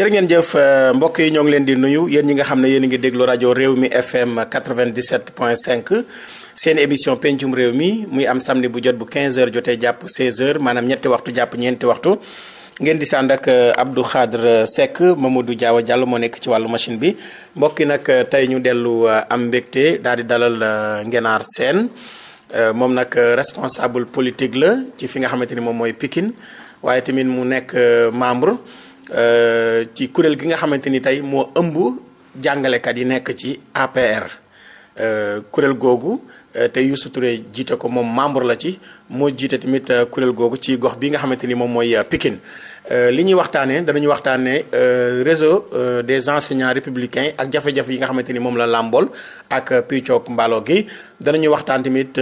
jërë ngeen jëf euh, mbokk yi ñoo ngi leen di nuyu yéen ñi nga xam ne yéen a ngi déglu rajo réew mi FM 97.5 seen émission pencum réew mi muy am samedi bu jot bu 15h jotee jàpp 16h maanaam ñetti waxtu jàpp ñeenti waxtu. ngeen di sànd ak euh, Abdou Khadre Seck Mamadou Diawa jàll moo nekk ci wàllu machine bi mbokk yi nag euh, tey ñu dellu am mbégte daal di dalal Ngenaar seen moom nag responsable politique la ci fi nga xamante ni moom mooy pikin waaye tamit mu nekk membre. Euh, ci kuréel gi nga xamante ni tey moo ëmb jàngalekat yi nekk ci APR euh, kuréel googu. Euh, te Youssou Touré jiite ko moom membre la ci moo jiite tamit euh, kuréel googu ci gox bi nga xamante ni moom mooy euh, Pikine li ñuy waxtaanee danañu waxtaanee réseau des enseignants républicains ak jafe yi nga xamante ni moom la làmbool ak piccoog mbaalo gi danañu waxtaan tamit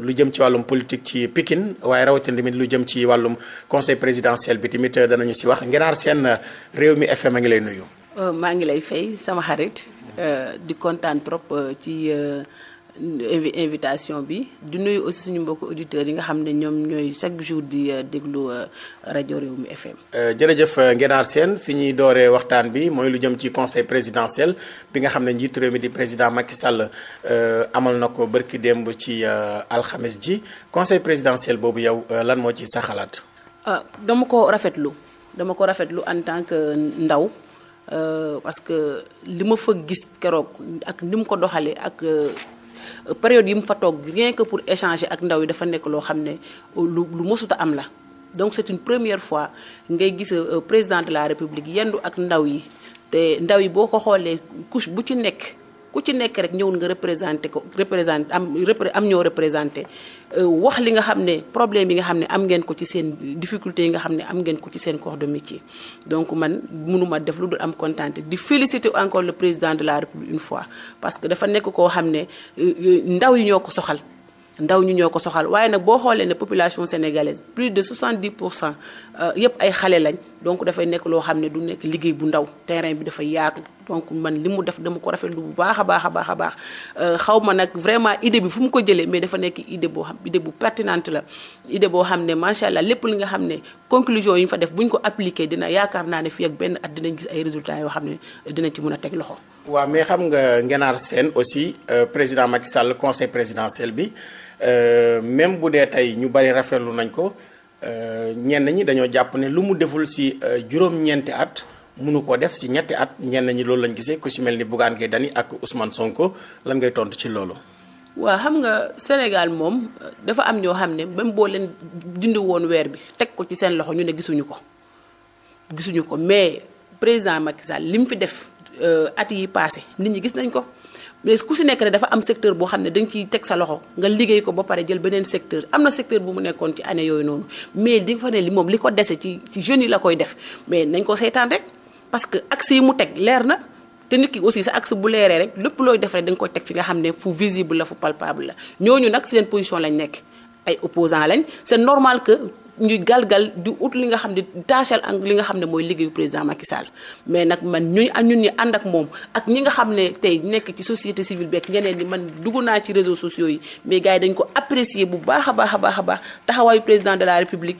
lu jëm ci wàllum politique ci Pikine waaye rawatina tamit lu jëm ci wàllum conseil présidentiel bi danañu si wax Ngenaar Sène réew mi FM a ngi lay nuyu. maa ngi lay fay sama xarit. di kontaan trop ci. invitation bi di nuyu aussi suñu mbokk auditeurs yi nga xam ne ñoom ñooy chaque jour di euh, déglu euh, rajo Rewmi FM. Euh, jërëjëf Ngenaar Sène fi ñuy dooree waxtaan bi mooy lu jëm ci conseil présidentiel bi nga xam ne njiitu réew mi di président Macky Sall amal na ko bërki démb ci alxames ji conseil présidentiel boobu yow lan moo ci sa xalaat. dama ko rafetlu dama ko rafetlu en tant que ndaw. parce que li ma fa gis keroog ak ni mu ko doxale ak période yi mu fa toog rien que pour échanger ak ndaw yi dafa nekk loo xam ne lu lu mësuta am la donc c'est une première fois ngay gis euh, président de la république yendu ak ndaw yi te ndaw yi boo ko xoolee couche bu ci nekk ku ci nekk rek ñëwul nga représenté ko représenté am am ñoo représenté euh, wax li nga xam ne problème yi nga xam ne am ngeen ko ci seen difficulté yi nga xam ne am ngeen ko ci seen corps de métier donc man mënuma def lu dul am contenté di félicité encore le président de la république une fois parce que dafa nekk koo xam ne euh, euh, ndaw yi ñoo ko soxal ndaw ñu ñoo ko soxal waaye nag boo xoolee ne population sénégalaise plus de 70 pour cent euh, yëpp ay xale lañ donc dafay nekk loo xam ne du nekk liggéey bu ndaw terrain bi dafa yaatu donc man li mu def dama ko rafet lu bu baax a baax a baax a baax euh, xaw ma nag vraiment idée bi fu mu ko jëlee mais dafa nekk idée boo xam idée bu pertinente la idée boo xam ne macha allah lépp li nga xam ne conclusion yi fa def bu ko appliqué dina yaakaar naa ne fii ak benn at dinañ gis ay résultats yoo xam ne dinañ ci mën a teg loxo. waaw xam nga Ngenaar Sène aussi euh, président Macky Sall conseil présidentiel bi. Euh, même bu dee tey ñu bari rafetlu nañ ko euh, ñenn ñi dañoo jàpp ne lu mu deful si euh, juróom-ñeenti at mënu koo def si ñetti at ñenn ñi loolu lañ gisee ku si mel ni Bougane Gueye Dany ak usman Sonko lan ngay tontu ci loolu. waa xam nga Sénégal moom dafa am ñoo xam ne même boo leen dindi woon weer bi teg ko ci seen loxo ñu ne gisuñu ko gisuñu ko mais président Macky Sall li mu fi def at yi passé nit ñi gis nañ ko. mais ku si nekk rek dafa am secteur boo xam ne da nga ciy teg sa loxo nga liggéey ko ba pare jël beneen secteur am na secteur bu mu nekkoon ci année yooyu noonu mais di nga fa ne li moom li ko dese ci ci yi la koy def mais nañ ko seetaan rek parce que axe yi mu teg leer na te nit ki aussi sa axe bu leeree rek lépp looy def rek da nga koy teg fi nga xam ne fu visible la fu palpable la ñooñu nag seen position lañ nekk ay opposant lañ c'est normal que ñuy galgal di ut li nga xam ne tachal ak li nga xam ne mooy liggéeyu président Macky Sall mais nag man ñuy ñu ñi ànd ak moom ak ñi nga xam ne tey nekk ci société civile beeg ñeneen ñi man dugg naa ci réseaux sociaux yi mais gars yi dañ ko apprécier bu baax a baax a baax a baax taxawaayu président de la république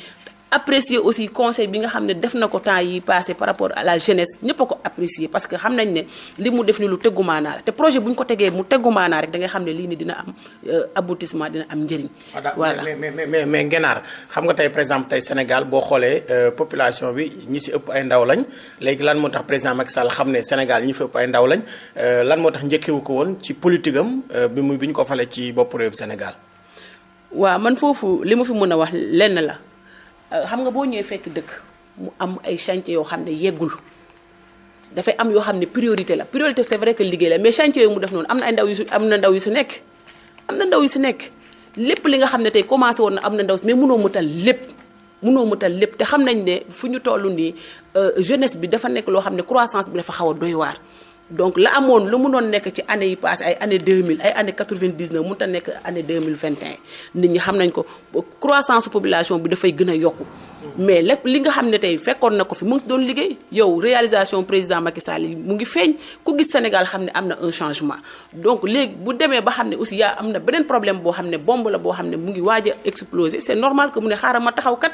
apprécier aussi conseil bi nga xam ne def na ko temps yi passé par rapport à la jeunesse ñëpp a ko apprécier parce que xam nañ ne li mu def ni lu teggumaanaa la te projet bu ñu ko tegee mu teggumaanaa rek da nga xam ne lii ni dina am euh, aboutissement dina am njëriñ ah, voilà mais mais mais mais Ngenaar xam nga tey par exemple tey Sénégal boo xoolee euh, population bi ñi si ëpp ay ndaw lañ léegi lan moo tax président Macky Sall xam ne Sénégal ñi fi ëpp ay lañ euh, lan moo tax njëkkewu ko woon ci politique am bi mu bi ñu ko falee ci bopp réew Sénégal waaw man foofu li ma fi mën a wax lenn la Euh, xam nga boo ñëwee fekk dëkk mu am ay chantier yoo xam ne yeggul dafay am yoo xam ne priorité la priorité c'est vrai que liggéey la mais chantier yooyu mu def noonu am na ay ndaw yu su am na ndaw yu su nekk am na ndaw yu su nekk lépp li nga xam ne tey commencé woon na am na ndaw mais munoo mu tal lépp mënoo mu lépp te xam nañ ne fu ñu toll nii euh, jeunesse bi dafa nekk loo xam ne croissance bi dafa xaw a doy waar donc la amoon lu mënoon nekk ci année yi passé ay année 2000 ay année 99 mënut a nekk année 2021 nit ñi xam nañ ko croissance population bi dafay gën a yokku mais lépp li nga xam ne tey fekkoon na ko fi mu ngi doon liggéey yow président Macky Sall mu ngi feeñ ku gis Sénégal xam ne am na un changement donc léegi bu demee ba xam ne aussi yaa am na beneen problème boo xam ne bomb la boo xam ne mu ngi waaj a exploser c'est normal que mu ne xaaral ma taxaw kat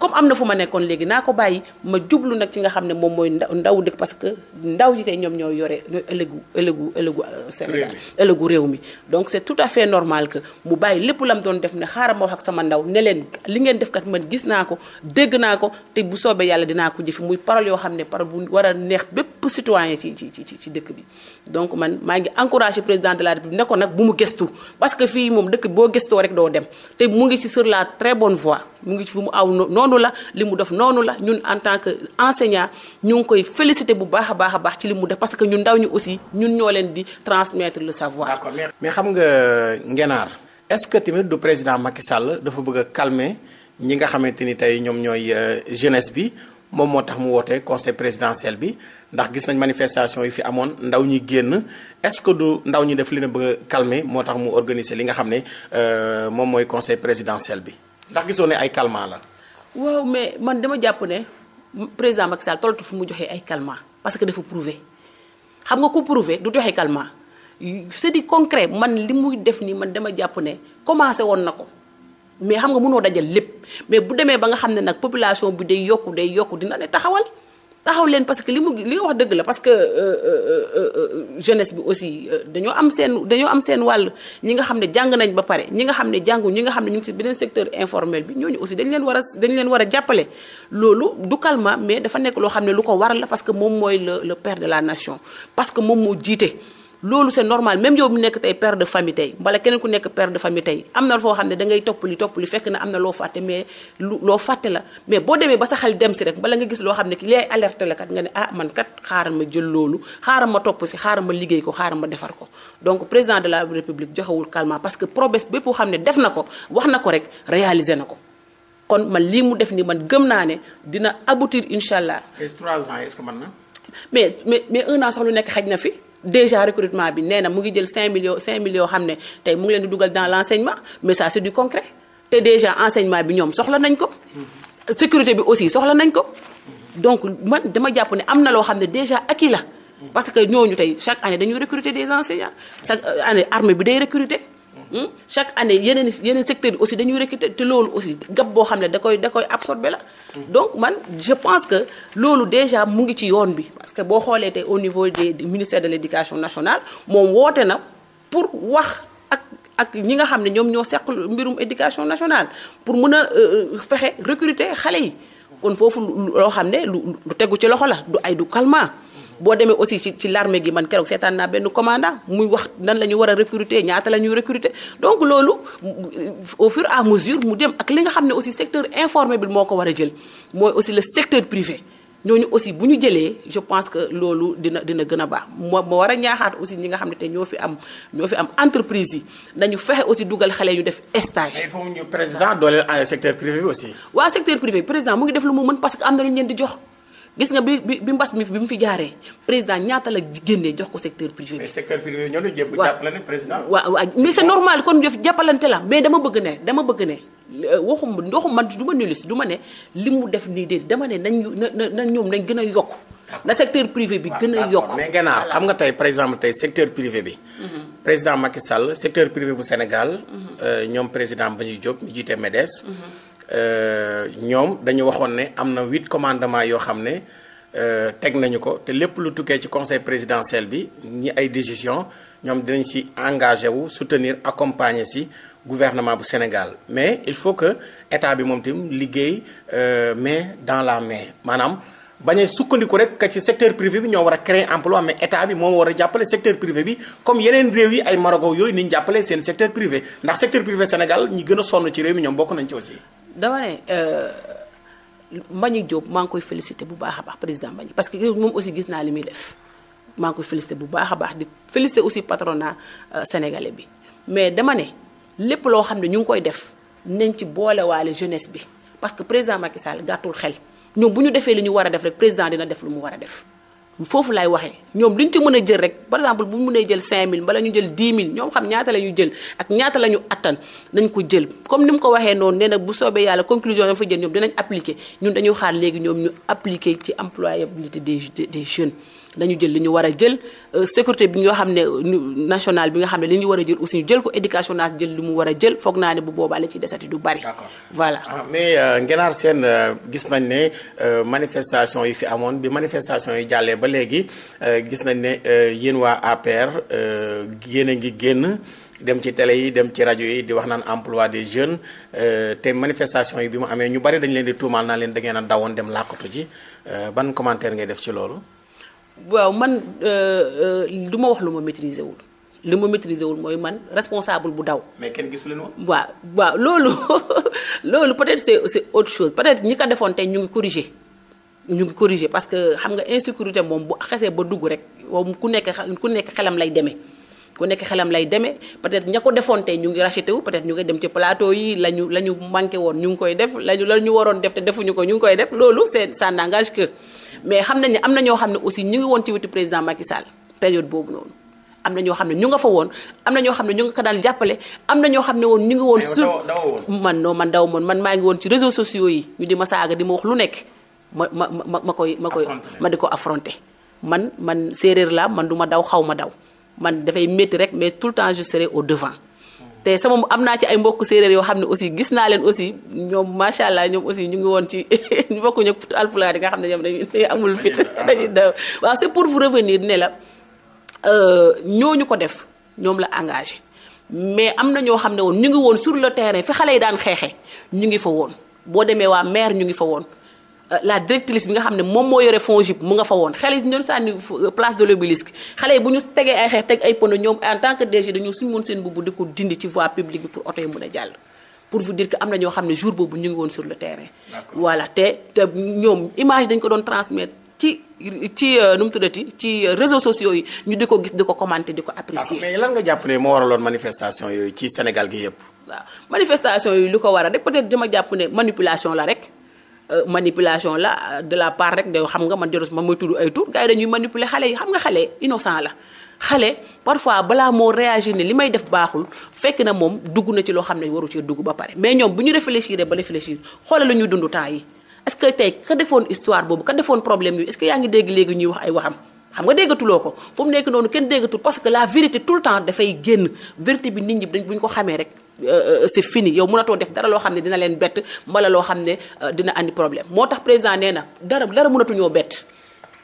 comme am na fu ma nekkoon léegi naa ko bàyyi ma jublu nag ci nga xam ne moom mooy ndaw dëkk parce que ndaw yi tey ñoom ñoo yore ëllëgu ëllëgu ëllëgu euh, Sénégal ëllëgu réew mi donc c'est tout à fait normal que mu bàyyi lépp lam doon def ne xaaral ma wax ak sama ndaw ne leen li ngeen def kat man gis naa ko dégg naa ko te bu soobee yàlla dinaa ko jëfi muy parole yoo xam ne parole bu war a neex bépp citoyen ci ci ci ci dëkk bi donc man maa ngi encouragé président de la république ne ko nag bu mu gëstu parce que fii moom dëkk boo gëstoo rek doo dem te mu ngi ci sur la très bonne voie mu ngi ci fu mu aw noonu la li mu def noonu la ñun en tant que enseignant ñu ngi koy félicité bu baax a baax a baax ci li mu def parce que ñu ndaw ñu aussi ñun ñoo leen di transmettre le savoir. d'accord mais xam nga ngenaar est-ce que tamit du président Macky Sall dafa bëgg a ñi nga xamante ni tey ñoom ñooy euh, jeunesse bi. moom moo tax mu woote conseil présidentiel bi ndax gis nañ manifestation yi fi amoon ndaw ñi génn est-ce que du ndaw ñi def li na bëgg a moo tax mu organiser li nga xam ne euh, moom mooy conseil présidentiel bi ndax gisoo ne ay calmant la. waaw mais man dama jàpp ne président Macky Sall tollatu fu mu joxee ay calmant parce que dafa prouvé xam nga ku prouvé du joxe calmant c'est du concret man li muy def nii man dama jàpp ne commencé woon na ko. mais xam nga mënoo dajal lépp mais bu demee ba nga xam ne nag population bi day yokku day yokku dina ne taxawal taxaw leen parce que li mu li nga wax dëgg la parce que euh, euh, euh, jeunesse bi aussi dañoo am seen dañoo am seen wàll ñi nga xam ne jàng nañ ba pare ñi nga xam ne jàngu ñi nga xam ne ñu ngi ci beneen secteur informel bi ñooñu aussi dañ leen war a dañ leen war a jàppale loolu du calme mais dafa nekk loo xam ne lu ko waral la parce que moom mooy l le père la nation parce que moom moo jiite loolu c'est normal même yow mi nekk tey père de famille tey mbala keneen ku nekk père de famille tey am na foo xam ne da ngay toppali toppali fekk na am na loo fàtte mais loo fàtte la mais boo demee ba sa xel dem si rek bala nga gis loo xam ne ki la kat nga ne ah man kat xaaral ma jël loolu xaaral ma topp si xaaral ma liggéey ko xaaral ma defar ko donc président de la république joxewul calmant parce que promesse bépp xam ne def na ko wax na ko rek réaliser na ko kon man lii mu def ni man gëm naa ne dina aboutir incha allah. est-ce trois ans na. mais mais mais un an sax lu nekk xaj na fi. déjà recrutement bi nee na mu ngi jël 5 millions 5 millions xam ne tey mu ngi leen di dugal dans l' enseignement mais ça c'est du concret te déjà enseignement bi ñoom soxla nañ ko. sécurité bi aussi soxla nañ ko. donc man dama jàpp ne am na loo xam ne déjà acquis la. parce que ñooñu tey chaque année dañuy recruter des enseignants chaque année armée bi day recruter. Hmm? chaque année yeneen yeneen secteurs yi aussi dañuy recruter te loolu aussi gab boo xam ne da koy da koy absorber la. Hmm. donc man je pense que loolu déjà mu ngi ci yoon bi parce que boo xoolee te au niveau des du ministère de l'éducation nationale moom woote na pour wax ak. ak ñi nga xam ne ñoom ñoo seq mbirum éducation nationale pour mën a euh, euh, fexe recruter xale yi kon foofu loo xam ne lu tegu ci loxo la du ay du calmant boo demee aussi ci ci l'armée gi man keroog seetaan naa benn commandant muy wax nan la ñu war a recruter ñaata la ñuy recruter donc loolu au fur et à mesure mu dem ak li nga xam ne aussi secteur informel bi moo ko war a jël mooy aussi le secteur privé ñooñu aussi bu ñu jëlee je pense que loolu dina dina gën a baax moo ma war a ñaaxaat aussi ñi nga xam ne te ñoo fi am ñoo fi am entreprise yi nañu fexe aussi dugal xale yu def stage. mais il faut ñu président dooleel euh, secteur privé bi secteur privé parce que am na lu ñu gis nga bi bi mbas mi bi mu fi jaaree président ñaata la génnee jox ko secteur privé bi. mais secteur privé ñoo la jëm jàppale ne président. mais c'est normal kon jàppalante la mais dama bëgg ne dama bëgg ne. Euh, waxum waxum man du ma ne lis du ma ne li mu def nii de dama ne nañ ñu na na ñoom nañ gën a yokk na secteur privé bi gën a yokk mais gànnaar xam nga tey par exemple tey secteur privé bi mhm. président Macky Sall secteur privé bu Sénégal mhm. euh, ñoom président ba ñuy Diop ñu jiite MEDES mhm. Euh, ñoom dañu waxoon ne am na huit commandement yoo xam ne euh, teg nañu ko te lépp lu tukkee ci conseil présidentiel bi ñi ay décision ñoom dinañ si engage wu soutenir accompagner si gouvernement bu Sénégal mais il faut que état bi moom tim liggéey euh, main dans la main maanaam bañ a sukkandiku rek que ci secteur privé bi ñoo war a créer emploi mais état bi moo war a jàppale secteur privé bi comme yeneen réew yi ay Maroc yooyu ni ñu jàppale seen secteur privé ndax secteur Sénégal ñi gën a ci réew bokk nañ ci aussi. dama ne euh, Mbagnick Diop maa ngi koy félicité bu baax a baax président Mbagnick parce que moom aussi gis naa li muy def maa ngi koy félicité bu baax a baax di félicité aussi patrona euh, sénégalais bi mais dama ne lépp loo xam ne ñu ngi koy def nañ ci boolewaale jeunesse bi parce que président Macky Sall gàttul xel ñoom bu ñu defee li ñu war a def rek président dina def lu mu war a def. foofu lay waxee ñoom li ñu ci mën a jël rek par exemple bu mënee jël mille bala ñu jël 10 000 ñoom xam ñaata la ñu jël ak ñaata la ñu attan nañ ko jël comme ni mu ko waxee noonu nee na bu soobee yàlla conclusion dafa jël ñoom dinañ appliquer ñun dañuy xaar léegi ñoom ñu appliquer ci employabilité des des jeunes nañu jël li ñu war a jël euh, sécurité bi nga xam ne national bi nga xam ne li ñu war a jël aussi ñu jël ko éducation nationale jël li mu war a jël foog naa ne bu boobaa la ci desati du bari. voilà ah, mais euh, Ngenaar Sène euh, gis nañ ne manifestation yi fi amoon bi manifestation yi jàllee ba léegi gis nañ ne yéen waa APR yéen a ngi génn. dem ci télé yi dem ci rajo yi di wax naan emploi des jeunes te manifestation yi bi mu amee ñu bari dañu leen di tuumaal naa leen da ngeen a dawoon dem làkkatu ji ban commentaire ngay def ci loolu. waaw man euh, euh, du ma wax lu ma maîtriser wul li ma maîtriser wul mooy man responsable bu daw. mais kenn gisu leen woon. waaw waaw loolu loolu peut-être c'est c'est autre chose peut-être ñi ko defoon tey ñu ngi corriger ñu ngi corriger parce que xam nga insécurité moom bu xasee ba dugg rek moom ku nekk ku nekk xelam lay demee. ku nekk xelam lay deme peut-être ña ko defoon tey ñu ngi racheté wu peut-être ñu ngi dem ci plateau yi la ñu manqué woon ñu ngi koy def la ñu la ñu waroon def te defuñu ko ñu ngi koy def loolu c'est ça n'engage que mais xam nañ ne am na ñoo xam ne aussi ñu ngi woon ci wetu président Macky Sall période boobu noonu am na ñoo xam ne ñu nga fa woon am na ñoo xam ne ñu nga ko daan jàppale am ñoo xam ne woon ñu ngi woon sur man non man daw moon man maa ngi woon ci réseaux sociaux yi ñu di ma saaga di ma wax lu nekk ma ma ma ma koy ma koy ma di ko affronter man man séeréer laa man du ma daw xaw ma daw man dafay métti rek mais tout le temps je serai au devant te sama am na ci ay mbokk séeréer yoo xam ne aussi gis naa leen aussi ñoom macha allah ñoom aussi ñu ngi woon ci ñu bokk ñëpp alpulaar yi nga ne ñoom dañuy amul fit dañuy daw pour vous revenir ne la euh, ñooñu ko def ñoom la engagé mais am na ñoo xam ne woon ñu ngi woon sur le terrain fi xale yi daan xeexee ñu ngi fa woon boo demee waa maire ñu ngi fa woon Euh, la directrice bi nga xam ne moom moo yore FONGIP mu nga fa woon xale yi ñu doon sànni euh, place de l'obélisque xale yi bu ñu tegee ay xeex teg ay pono ñoom en tant que DG dañoo suñ woon seen bubu di ko dindi ci voie publique bi pour oto yi mën a jàll pour vous dire que am na ñoo xam ne jour boobu ñu ngi woon sur le terrain voilà te te ñoom image dañ ko doon transmettre ci ci euh, nu mu tuddati ci réseaux sociaux yi ñu di ko gis di ko commenter di ko apprécier mais lan nga jàpp ne moo waraloon manifestation yooyu ci Sénégal gi yëpp waaw lu ko war a rek peut-être dama jàpp ne manipulation la rek Euh, manipulation la euh, de la part rek de xam nga man joros ma mooy tudd ay tur gars yi dañuy manipuler xale yi xam nga xale innocent la xale parfois balaa moo réagir ne li may def baaxul fekk na moom dugg na ci loo xam ne waru ci dugg ba pare mais ñoom bu ñu réfléchir ba réfléchir xoolal la ñuy dund temps yi est-ce que tey ka defoon histoire boobu ka defoon problème yi est yaa ngi dégg léegi ñuy wax ay waxam xam nga déggatuloo ko fu mu nekk noonu kenn déggatul parce que la vérité tout le temps dafay génn vérité bi bu ñu ko xamee rek Euh, c'est fini yow mënatoo def dara loo xam ne dina leen bett mbala loo xam ne euh, dina andi problème moo tax président nee na dara dara mënatuñoo bett.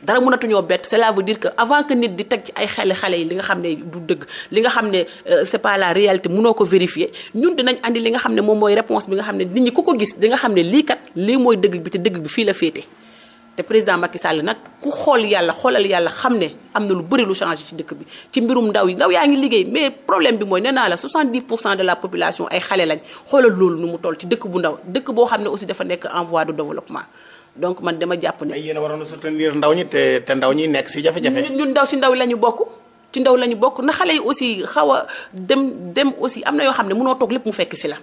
dara munatuñoo bett cela veut dire que avant que nit di teg ci ay xale xale yi li nga xam ne du dëgg li nga xam ne euh, c'est pas la réalité mënoo ko vérifier ñun dinañ andi li nga xam ne moom mooy réponse bi nga xam ne nit ñi ku ko gis di nga xam ne lii kat lii mooy dëgg bi te dëgg bi fii la féete. te président Macky Sall nag ku xool yàlla xoolal yàlla xam ne am na lu bëri lu changé ci dëkk bi ci mbirum ndaw yi ndaw yaa ngi liggéey mais problème bi mooy nee naa la 70 pour cent de la population ay xale lañ xoolal loolu nu mu toll ci dëkk bu ndaw dëkk boo xam ne aussi dafa nekk en voie de donc man dama jàpp ne. ay yéen a waroon a soutenir ndaw ñi te ndaw ñi nekk si jafe-jafe. ñun ndaw si ndaw la ñu bokk. ci ndaw la ñu bokk na xale yi aussi xaw a dem dem aussi am na yoo xam ne mënoo toog lépp mu fekk si la.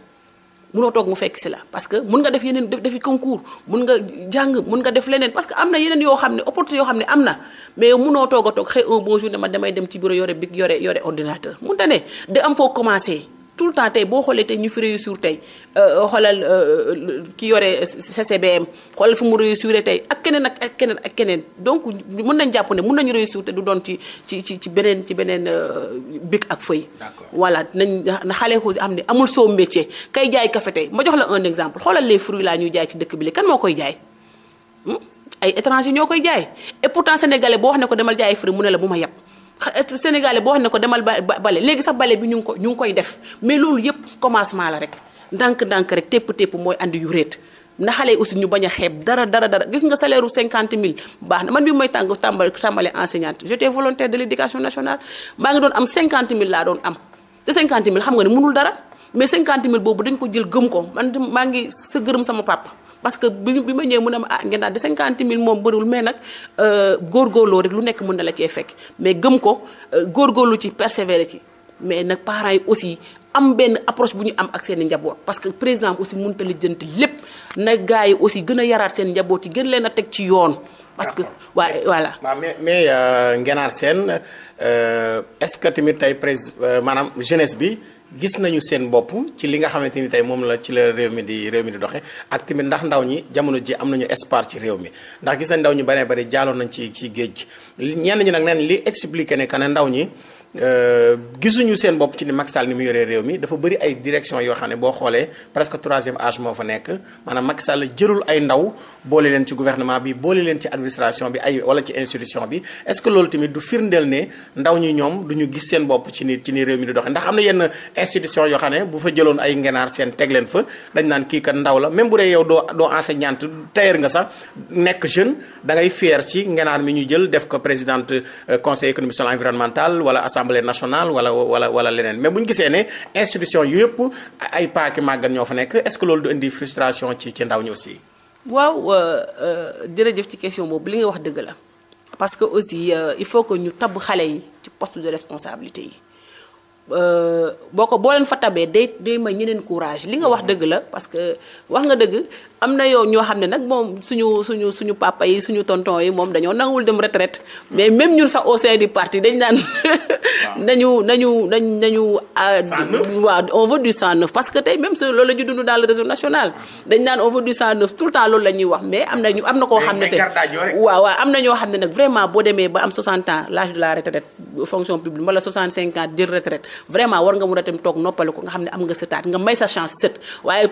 munoo toog mu fekk si la parce que mun nga def yeneen defi concours mun nga jàng mun nga def leneen parce que am na yeneen yoo xam ne opportunité yoo xam ne am na mais yow munoo toog a toog xëy un bon ma damay dem ci bureau yore bic yore yore ordinateur mun te ne da am foo commencé tout le temps tey boo xoolee tey ñu fi réussir tey euh, xoolal euh, euh, ki yore CCBM xoolal fu mu réussir tey ak keneen ak ak keneen ak keneen donc mun nañ jàpp ne mun nañu réussir te du doon ci ci ci ci beneen ci beneen bic ak feuille. voilà na xale xoosi am ne amul soo métier kay jaay café tey ma jox la un exemple xoolal les fruits laa ñuy jaay ci dëkk bi kan moo koy jaay. Hmm? ay étranger ñoo koy jaay et pourtant sénégalais boo wax ne ko demal jaay fruits mu ne la bu ma yab. sénégalais boo xam ne ko demal ba bale léegi sax bale bi ñu ngi ko ñu ngi koy def mais loolu yëpp commencement la rek ndànk-ndànk rek tépp tépp mooy andi yu réet na xale yi aussi ñu bañ a xeeb dara dara dara gis nga salaire u cinquante mille baax na man bi mooy tàng tàmbali tàmbale enseignante j'étais volontaire de l'éducation nationale maa ngi doon am cinquante mille laa doon am te cinquante mille xam nga ne mënul dara mais cinquante mille boobu dañ ko jël gëm ko man maa ngi sa gërëm sama papa parce que bi bi ma ñëwee mu ne ma ah ngeen daal de cinquante mille moom bëriwul mais nag euh, góorgóorloo rek lu nekk mën na la cee fekk mais gëm ko euh, góorgóorlu ci persévérer ci mais nag parents yi aussi am benn approche bu ñu am ak seen i njaboot parce que président aussi mënut a lijjanti lépp na gars yi aussi gën a yaraat seen njaboot yi gën leen a teg ci yoon. parce que waa voilà. waaw mais mais euh, Ngenaar seen est-ce que tamit tey prés maanaam jeunesse bi. gis nañu seen bopp ci li nga xamante ni tey moom la ci la réew mi di réew mi di doxee ak tamit ndax ndaw ñi jamono ji am nañu espoir ci réew mi ndax gis nañ ndaw ñu baree bari jaaloon nañ ci ci géej gi ñenn ñi nag neen li expliqué ne que ndaw ñi Euh, gisuñu seen bopp ci ni Macky Sall ni mu yoree réew mi dafa bari ay direction yoo xam ne boo xoolee presque troisième âge moo fa nekk maanaam Macky Sall jërul ay ndaw boole leen ci gouvernement bi boole leen ci administration bi ay wala ci institution bi est loolu tamit du firndeel ne ndaw ñi ñoom du ñu gis seen bopp ci ni ci ni réew mi di doxee ndax am na yenn institution yoo xam ne bu fa jëloon ay ngenaar seen teg leen fa dañ naan kii kat ndaw la même bu dee yow doo doo enseignante tailleur nga sax nekk jeune da ngay fier ci ngenaar mi ñu jël def ko présidente euh, conseil assemblée nationale wala wala wala leneen mais bu ñu gisee ne institution yëpp ay paaki màggat ñoo fa nekk est-ce que loolu du indi frustration ci ci ndaw ñi aussi. waaw euh, euh, jërëjëf ci question boobu li nga wax dëgg la parce que aussi euh, il faut que ñu tabb xale yi ci poste de responsabilité yi. Euh, boo ko boo leen fa tabee day day may ñeneen courage li nga wax dëgg la parce wax nga dëgg am na yow ñoo xam ne nag moom suñu suñu suñu papa yi suñu tonton yi moom dañoo nanguwul dem retraite mais même ñun sax au sein du dañ naan nañu nañu nañ nañu ah, waaw on veut du tout temps loolu la wax mais am na na koo xam ne tey waaw am na ñoo xam ne nag vraiment boo demee ba am 60 ans l'âge de la retraite fonction publique wala 65 ans jël retraite vraiment war nga mun a dem toog noppale ko nga xam ne am nga sëtaat nga may sa chance sët waaye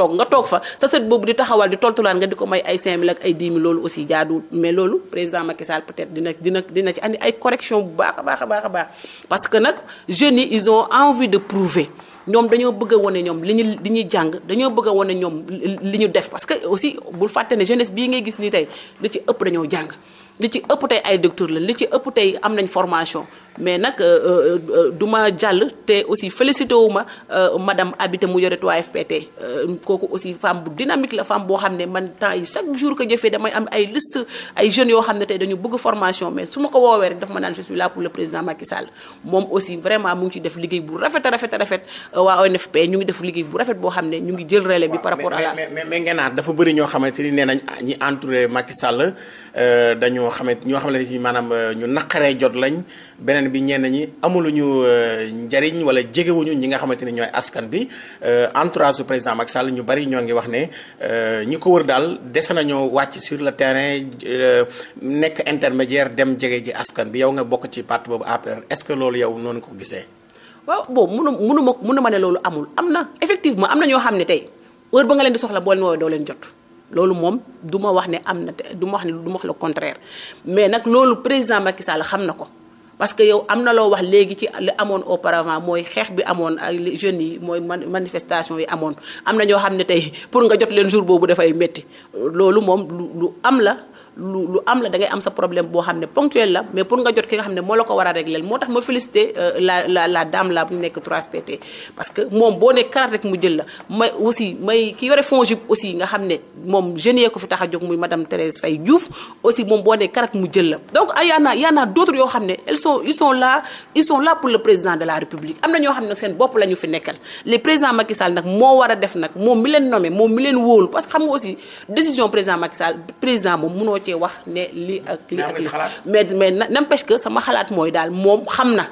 toog nga toog fa sa sët boobu di taxawal di tontulaan nga di ko may ay 5000 ak ay 10 000 loolu aussi jaaduwul mais loolu président Macky Sall peut-être dina dina dina ci andi ay correction bu baax a baax a baax a baax nag jeunes yi ils ont envie de prouver ñoom dañoo bëgg a wane ñoom li ñu li ñuy jàng dañoo bëgg wone ñoom li ñu def parce que aussi bul fàtte ne jeunesse bii ngay gis ni tey li ci ëpp dañoo jàng li ci ëpp tey ay docteur la li ci ëpp tey am nañ formation mais nag du ma jàll te aussi félicité wu ma madame Habité mu yore 3FPT kooku aussi femme bu dynamique la femme boo xam ne man temps yi chaque jour que jëfee damay am ay liste ay jeunes yoo xam ne te dañu bëgg formation mais su ma ko woowee rek daf ma naan je suis là pour le président Macky Sall moom aussi vraiment mu ngi ciy def liggéey bu rafet a rafet a ñu ngi def liggéey bu rafet boo xam ne ñu ngi jël rele bi par rapport à la mais mais ngenaar dafa bëri ñoo xamante ni nee nañ ñi entouré Macky Sall dañoo xamante ñoo xamante ni maanaam ñu naqaree jot lañ beneen beneen bi ñenn ñi amuluñu euh, njariñ wala jegewuñu ñi nga xamante ni ñooy askan bi euh, entourage su président Macky Sall ñu bari ñoo ngi wax ne euh, ñi ko wër daal dese na nañoo wàcc sur le terrain nekk intermédiaire dem jege ji askan bi yow nga bokk ci parti boobu APR est-ce que loolu yow noonu ko gisee. waaw bon munu munu ma munu ma ne loolu amul am na effectivement am na ñoo xam ne tey heure ba nga leen di soxla boo leen woowee doo leen jot. loolu moom du ma wax ne am na te du wax ne du ma wax le mais nag loolu président Macky Sall xam na ko. parce que yow am na loo wax léegi ci li amoon auparavant mooy xeex bi amoon ay jeunes yi mooy manifestation yi amoon am na ñoo xam ne tey pour nga jot leen jour boobu dafay metti loolu moom lu lu am la lu lu am la da ngay am sa problème boo xam ne ponctuel la mais pour nga jot ki nga xam ne moo la ko war a régler moo tax ma félicité euh, la la la bu nekk 3PT parce moom boo ne karat la may aussi may ki yore FONGIP nga xam ne moom jeunes yee ko fi tax a jóg muy madame Thérèse Faye Diouf aussi moom boo ne karat mu jël la donc ay ah, yoo xam ne elles sont ils sont là ils sont président de la république am na ñoo xam ne seen bopp la ñu fi nekkal le président Macky Sall a def leen nommé moom mi leen wóolu parce que xam nga aussi décision président moom munoo cee wax ne lii ak lii ak lii mais mais n'empêche que sama xalaat mooy daal moom xam na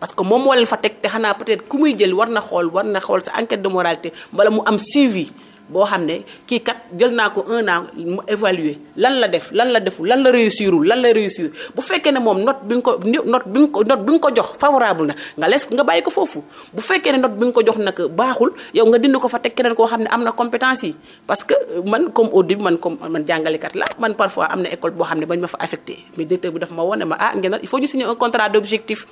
parce que moom moo leen fa teg te xanaa peut-être ku muy jël war na xool war na xool sa enquête de moralité mbala mu am suivi boo xam ne kii kat jël naa ko un an mu évaluer lan la def lan la defu lan la réussirul lan la réussir bu fekkee ne moom note bi nga ko note bi nga ko note bi nga ko jox favorable na nga les nga bàyyi ko foofu bu fekkee ne note bi nga ko jox nag baaxul yow nga dindi ko fa teg keneen koo xam ne am na compétence yi parce que man comme au début man comme man jàngalekat la man parfois am na école boo xam ne bañ ma fa affecté mais directeur bi dafa ma wone ma ah ngeen il faut ñu signer un contrat d'objectif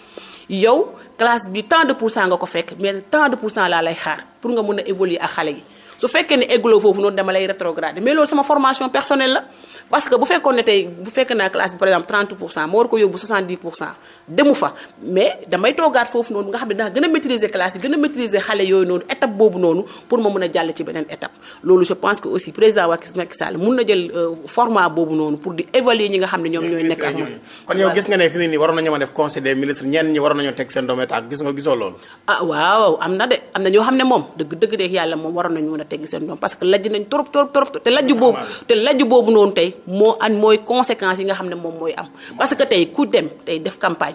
yow classe bi nga ko fekk mais tant de pour cent xaar pour nga mun a évoluer ak xale yi su fekkee ne egguloo foofu noonu dama lay rétrograder mais loolu sama formation personnelle la parce que bu fekkoon ne tey bu fekk naa classe par exemple 30 pour cent ma war ko yóbbu 70 pour cent demu fa mais damay toogaat foofu noonu nga xam ne daa gën a maîtriser classe yi gën a maîtriser xale yooyu noonu étape boobu noonu pour ma mën a jàll ci beneen étape loolu je pense que aussi na jël euh, ne ñoom ñooy nekk ak moom kon yow gis nga ne fi ne nii waroon nañoo mën def conseil des ah, xam ne moom dëgg dëgg de yàlla moom waroon nañu mën a teg seen doom parce que lajj nañ trop trop trop te lajj boobu ah, te lajj boobu noonu tey moo an mooy conséquences yi nga xam ne moom mooy am parce que tey ku dem tey def campagne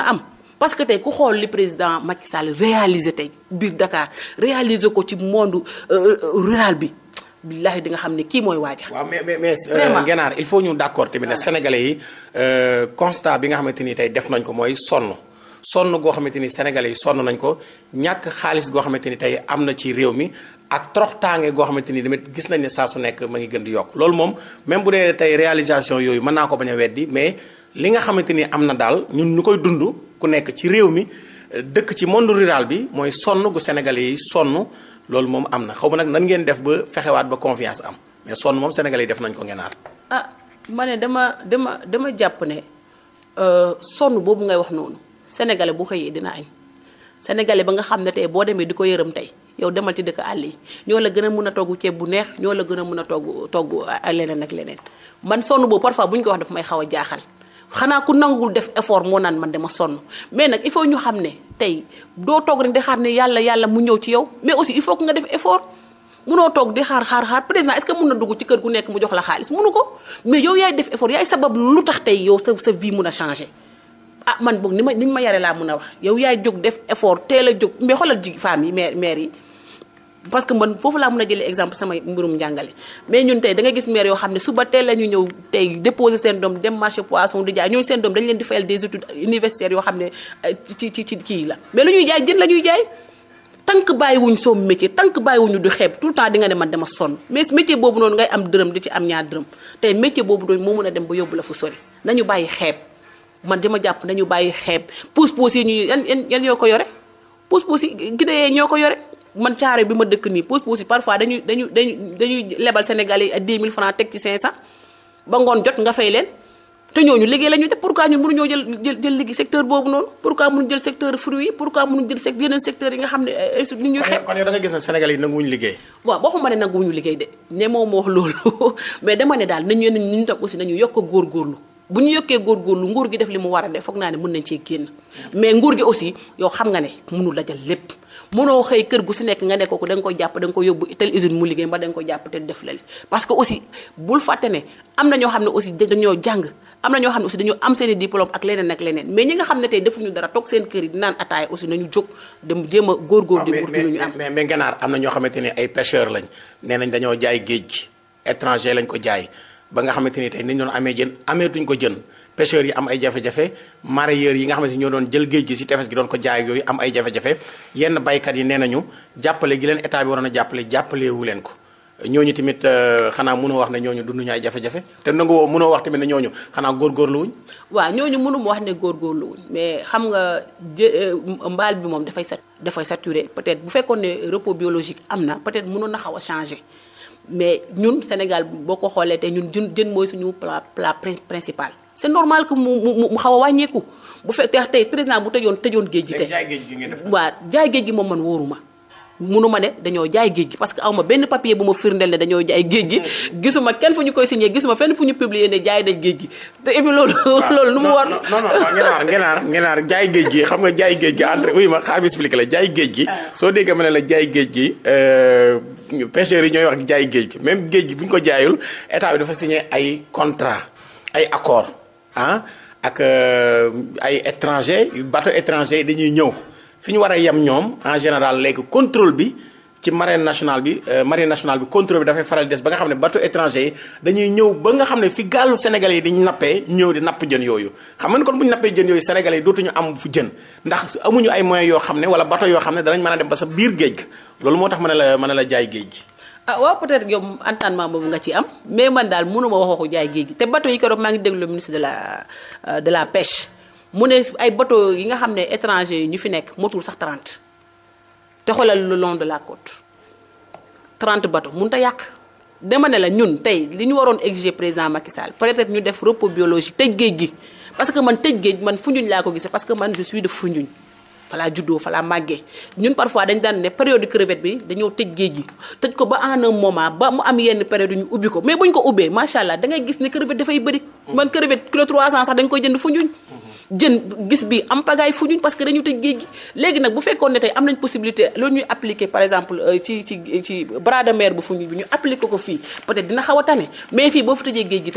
na am parce que tey ku xool li président Macky Sall réalisé tey biir Dakar réalisé ko ci monde euh, euh, rural bi billahi di nga xam ne kii mooy waaja. mais mais mais euh, Ngenaar il faut ñu d' accord na ne sénégalais yi constat bi nga xamante ni tey def nañ ko mooy sonn. sonn goo xamante ni sénégalais yi sonn nañ ko ñàkk xaalis goo xamante ni tey am na ci réew mi ak toroxtaange goo xamante ni tamit gis nañ ne saa su nekk ma ngi gën di yokk loolu moom même bu dee tey réalisation yooyu mën naa ko bañ li nga xamante ni am na daal ñun ñu koy dund ku nekk ci réew mi dëkk ci monde rural bi mooy sonn gu Sénégalais yi sonn loolu moom am na xaw ma nag nan ngeen def ba fexewaat ba confiance am mais moom Sénégalais def nañ ko ngenaar ah ma ne dama dama dama jàpp ne euh, sonn boobu ngay wax noonu Sénégalais bu xëyee dina añ Sénégalais ba nga xam ne tey boo demee di ko yërëm tey yow demal ci dëkk àll yi ñoo la gën a mun a togg ceeb bu neex ñoo la gën a mun a togg togg leneen ak leneen man sonn boobu parfois bu ñu ko wax daf may xaw a jaaxal xanaa ku nanguwul def effort moo naan man dama sonn mais nag il faut ñu xam ne tey doo toog rek di xaar ne yàlla yàlla mu ñëw ci yow mais aussi il faut que nga def effort. munoo toog di xaar xaar xaar président est-ce que mun na dugg ci kër gu nekk mu jox la xaalis munu ko mais yow yaay def effort yaay sabab lu tax tey yow sa sa vie mun a changer. ah man boog ni ma ni ma yare laa mun a wax yow yaay jóg def effort teel a jóg mais xoolal ji femmes yi mère mère yi. parce que man foofu laa mën a jëlee exemple samay mbirum njàngale mais ñun tey da nga gis maire yoo xam ne suba teel la ñu ñëw tey déposer seen doom dem marché poisson di jaay ñooñu seen doom dañu leen di fayal des études universitaires yoo xam ne euh, ci ci kii la mais lu ñuy jaay jën la ñuy jaay tànk bàyyiwuñ soo métier tànk bàyyiwuñu du xeeb tout le temps di nga ne man dama sonn mais métier boobu noonu ngay am dërëm di ci am ñaar dërëm tey métier boobu doon moo mën a dem ba yóbbu la fu sori nañu bàyyi xeeb man dama jàpp nañu bàyyi xeeb pousse pousse yi ñuy yan yan ko yore pousse ñoo ko yore man caare bi ma dëkk nii pousse pousse yi parfois dañuy dañuy dañuy dañuy lebal Sénégalais yi ay 10 000 francs teg ci 500 ba ngoon jot nga fay leen te ñooñu liggéey la ñuy def pourquoi ñun mënuñoo jël jël liggéey secteur boobu noonu pourquoi mënuñu jël secteur fruit pourquoi mënuñu jël secteur yi nga xam ne ni ñuy xeeb kon yow da gis ne Sénégalais yi nanguwuñu liggéey waaw waxuma ne nanguwuñu liggéey de ne moom wax loolu mais dama ne daal nañu ñu ñu tam aussi yokk a góorgóorlu bu ñu yokkee góorgóorlu nguur gi def li mu war a def foog naa ne mën nañ cee génn gi aussi yow xam nga ne mënul dajal lépp mënoo xëy kër gu si nekk nga ne ko da nga koy jàpp da nga yóbbu tel usine mu liggéey mba da nga koy jàpp te def lale parce que aussi bul fàtte ne am na ñoo xam ne aussi dañoo jàng am na ñoo xam ne aussi dañoo am seen i diplôme ak leneen nga xam ne tey defuñu dara toog seen kër yi dinaan ataaya aussi nañu jóg ñu am mais mais ganaar am na ñoo xamante ne ay pêcheur lañ nee nañ dañoo jaay géej gi étranger lañ ko jaay ba nga xamante ni tey niñ doon amee jën amee duñ ko jën pêcheurs yi am ay jafe-jafe mareyeurs yi nga xam xamante ñoo doon jël géej gi si tefes gi doon ko jaay yooyu am ay jafe-jafe yenn baykat yi nee nañu jàppale gi leen état bi waroon a jàppale jàppalewu leen ko ñooñu tamit euh, xanaa mënoo wax ne ñooñu dunduñu ay jafe-jafe te nangu woo mënoo wax tamit ne ñooñu xanaa góorgóorluwuñ waaw ñooñu mënuma wax ne góor góorgóorluwuñ mais xam nga jë euh, mbaal bi moom dafay sat dafay saturé peut-être bu fekkoon ne repos biologique am na peut-être mënoon na xaw a changé mais ñun Sénégal boo ko xoolee te ñun jën jën mooy suñu plat plat principal c' normal ko mu mu mu xaw a wàññeeku bu fekkee tey président bu tëjoon tëjoon géej gi tey. jaay géej gi ngeen def waaw jaay géej gi moom man wóoruma munuma ne dañoo jaay géej gi parce que awma benn papier bu ma firndeel ne dañoo jaay géej gi. gisuma kenn fu ñu koy signé gisuma fenn fu ñu publier ne jaay nañ géej gi te et puis loolu. loolu nu mu war. non jaay géej gi xam nga jaay géej gi entre oui ma xaar ma expliqué la jaay géej gi. Ah. soo déggee ma ne la jaay géej gi euh, pêcheurs yi ñooy wax jaay géej gi même géej gi bu ñu ko jaayul état bi dafa signé ay contrat ay accord ah ak euh, ay étranger bateau étranger yi dañuy ñëw fi ñu war a yem ñoom en général léegi contrôle bi ci marine nationale bi euh, marine nationale bi contrôle bi dafay faral des ba nga xam ne bateau étranger yi dañuy ñëw ba nga xam ne fi gaalu sénégalais yi dañu nappee ñëw di napp jën yooyu xam nga kon bu ñu nappee jën yooyu sénégalais yi dootuñu am fu jën ndax amuñu ay moyens yoo xam ne wala bateau yoo xam ne danañ mën a dem ba sa biir géej ga loolu moo tax mën a a jaay géej gi ah waaw peut-être yow entendement boobu nga ci am mais man daal mënuma wax waxu jaay géej gi te bateau yi ko doon maa ngi déglu ministre de la euh, de la pêche mu ne ay bateau yi nga xam ne étranger yi ñu fi nekk motul sax trente te xoolal le long de la côte 30 bateau mun a yàq dama ne la ñun tey li ñu waroon exiger président Macky Sall peut-être ñu def repos biologique tëj géej gi parce que man tëj géej man Foundiougne laa ko gisee parce que man je suis de Foundiougne. falaa juddoo falaa màggee ñun parfois dañ daan ne période crevette bi dañoo tëj géej gi tëj ko ba en moment ba mu am yenn période ñu ubbi ko mais buñ ko ubbee macha allah da ngay gis ne crevette dafay bëri man crevette kilo 300 sax dañ koy jënd fu ñuñ jën gis bi am pagaay fu ñuñ parce que dañu tëj géej gi léegi nag bu fekkoon ne tey am nañ possibilité loolu ñuy appliquer par exemple euh, ci ci ci bras de mer bu fu ñuñ bi ñu appliquer ko fii peut-être dina xaw a tane mais fii boo fi géej gi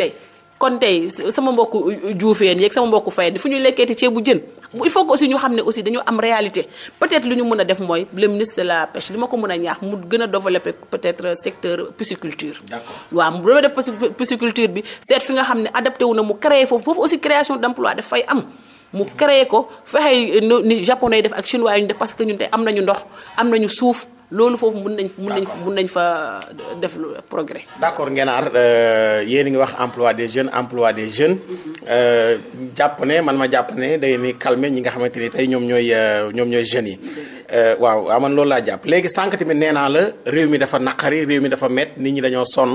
kon tey sama mbokku juufeen yeeg sama mbokku fayeen fu ñu lekkeeti ceebu jën il faut que aussi ñu xam ne aussi dañu am réalité peut-être lu ñu mën a def mooy le ministre de la pêche li ma ko mën a ñaax mu gën a développer peut-être secteur pisciculture waaw mu gën a def pisciculture bi seet fi nga xam ne adapté wu na mu créer foofu foofu aussi création d'emploi daf fay am mu créer ko fexe ni japonais yi def ak chinois yi ñu def parce que ñun tey am nañu ndox am nañu suuf loolu foofu mun nañ mun nañ mun nañ fa def progrès d'accord ngeen ar euh, yéen a ngi wax emploi des jeunes emploi des jeunes euh, jàpp ne man ma jàpp ne day ni calmer ñi nga xamante ni tey ñoom ñooy euh, ñoom ñooy jeunes yi waaw waaw man loolu laa jàpp léegi sànq tamit nee naa la réew mi dafa naqari réew mi dafa mett nit ñi dañoo sonn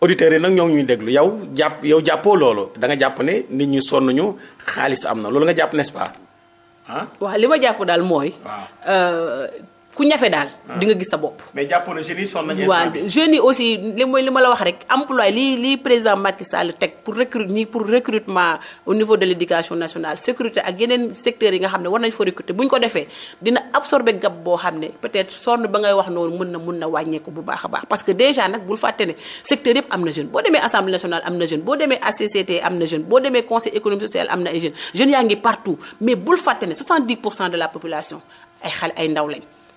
auditeurs yi nag ñoo ñuy déglu yow jàpp yow jàppoo loolu danga jàpp ne nit ñi sonn ñu xaalis am na loolu nga jàpp n'est-ce pas ah waaw li ma jàpp daal mooy ku ñafe daal. Ah. di nga gis sa bopp. mais jàpp na jeunes yi aussi li mooy li ma la wax rek emploi li li président Macky Sall teg pour recrute ñi pour recrutement au niveau de l' éducation nationale sécurité ak yeneen secteurs yi nga xam ne war nañ fa recruter bu ñu ko defee dina absorber gab boo xam ne peut-être sonn ba ngay wax noonu mën na mun na wàññeeku bu baax a baax parce que déjà nag bul fàtte ne secteur yëpp am na jeune boo demee assemblée nationale na jeune boo demee ACCT am na jeune boo demee conseil économique social ngi partout mais bul fàtte ne 70 pour cent de la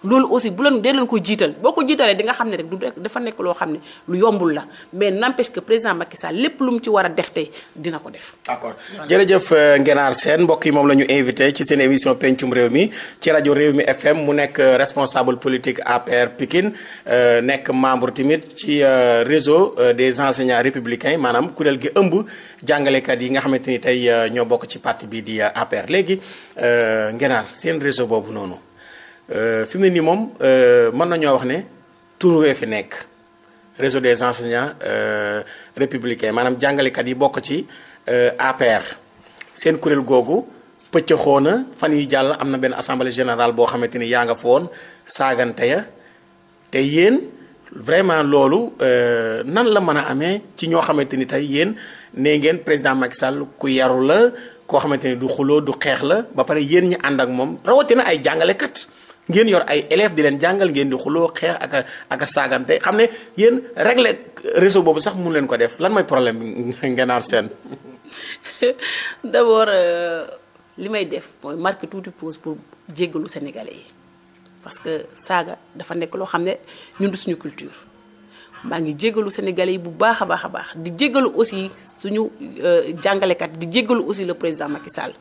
loolu aussi bu leen dee leen ko jiital boo ko jiitalee di xam ne rek du dafa nekk loo xam ne lu yombul la mais n'empêche que président Macky Sall lépp lu mu ci war a def tey dina ko def. d'accord jërëjëf euh, Ngenaar seen mbokk yi moom la ñu invité ci seen émission pencum réew mi ci rajo réew mi FM mu nekk euh, responsable politique APR Pikine euh, nekk membre tamit ci réseau des enseignants républicains maanaam kuréel gi ëmb jàngalekat yi nga xamante ni tey ñoo bokk ci parti bi di APR léegi Ngenaar seen réseau boobu noonu. Euh, fi mu ne nii moom euh, mën nañoo wax ne tour wee fi nekk réseau des enseignants euh, républicains maanaam jàngalekat yi bokk ci apair seen kuréel googu pëccëxoo na fan yi jàll am na benn assemblée général boo xamante ni yaa nga foon saagante ya te yéen vraiment loolu nan la mën a amee ci ñoo xamante ni tey yéen nee ngeen président Macky Sall ku yaru la koo xamante ni du xuloo du xeex la ba pare yéen ñu ànd ak moom rawatina ay jàngalekat. ngeen yor ay élèves di leen jàngal ngeen di xuloo xeex ak a ak a saagante xam ne yéen régler réseau boobu sax mun leen ko def lan mooy problème bi Ngenar Sène d'abord euh, li may def mooy marqué tuuti pause pour jéggalu sénégalais yi parce que saaga dafa nekk loo xam ne ñun du suñu culture maa ngi jéggalu sénégalais yi bu baax a baax a baax di jéggalu aussi suñu euh, jàngalekat di jéggalu aussi le président Macky Sall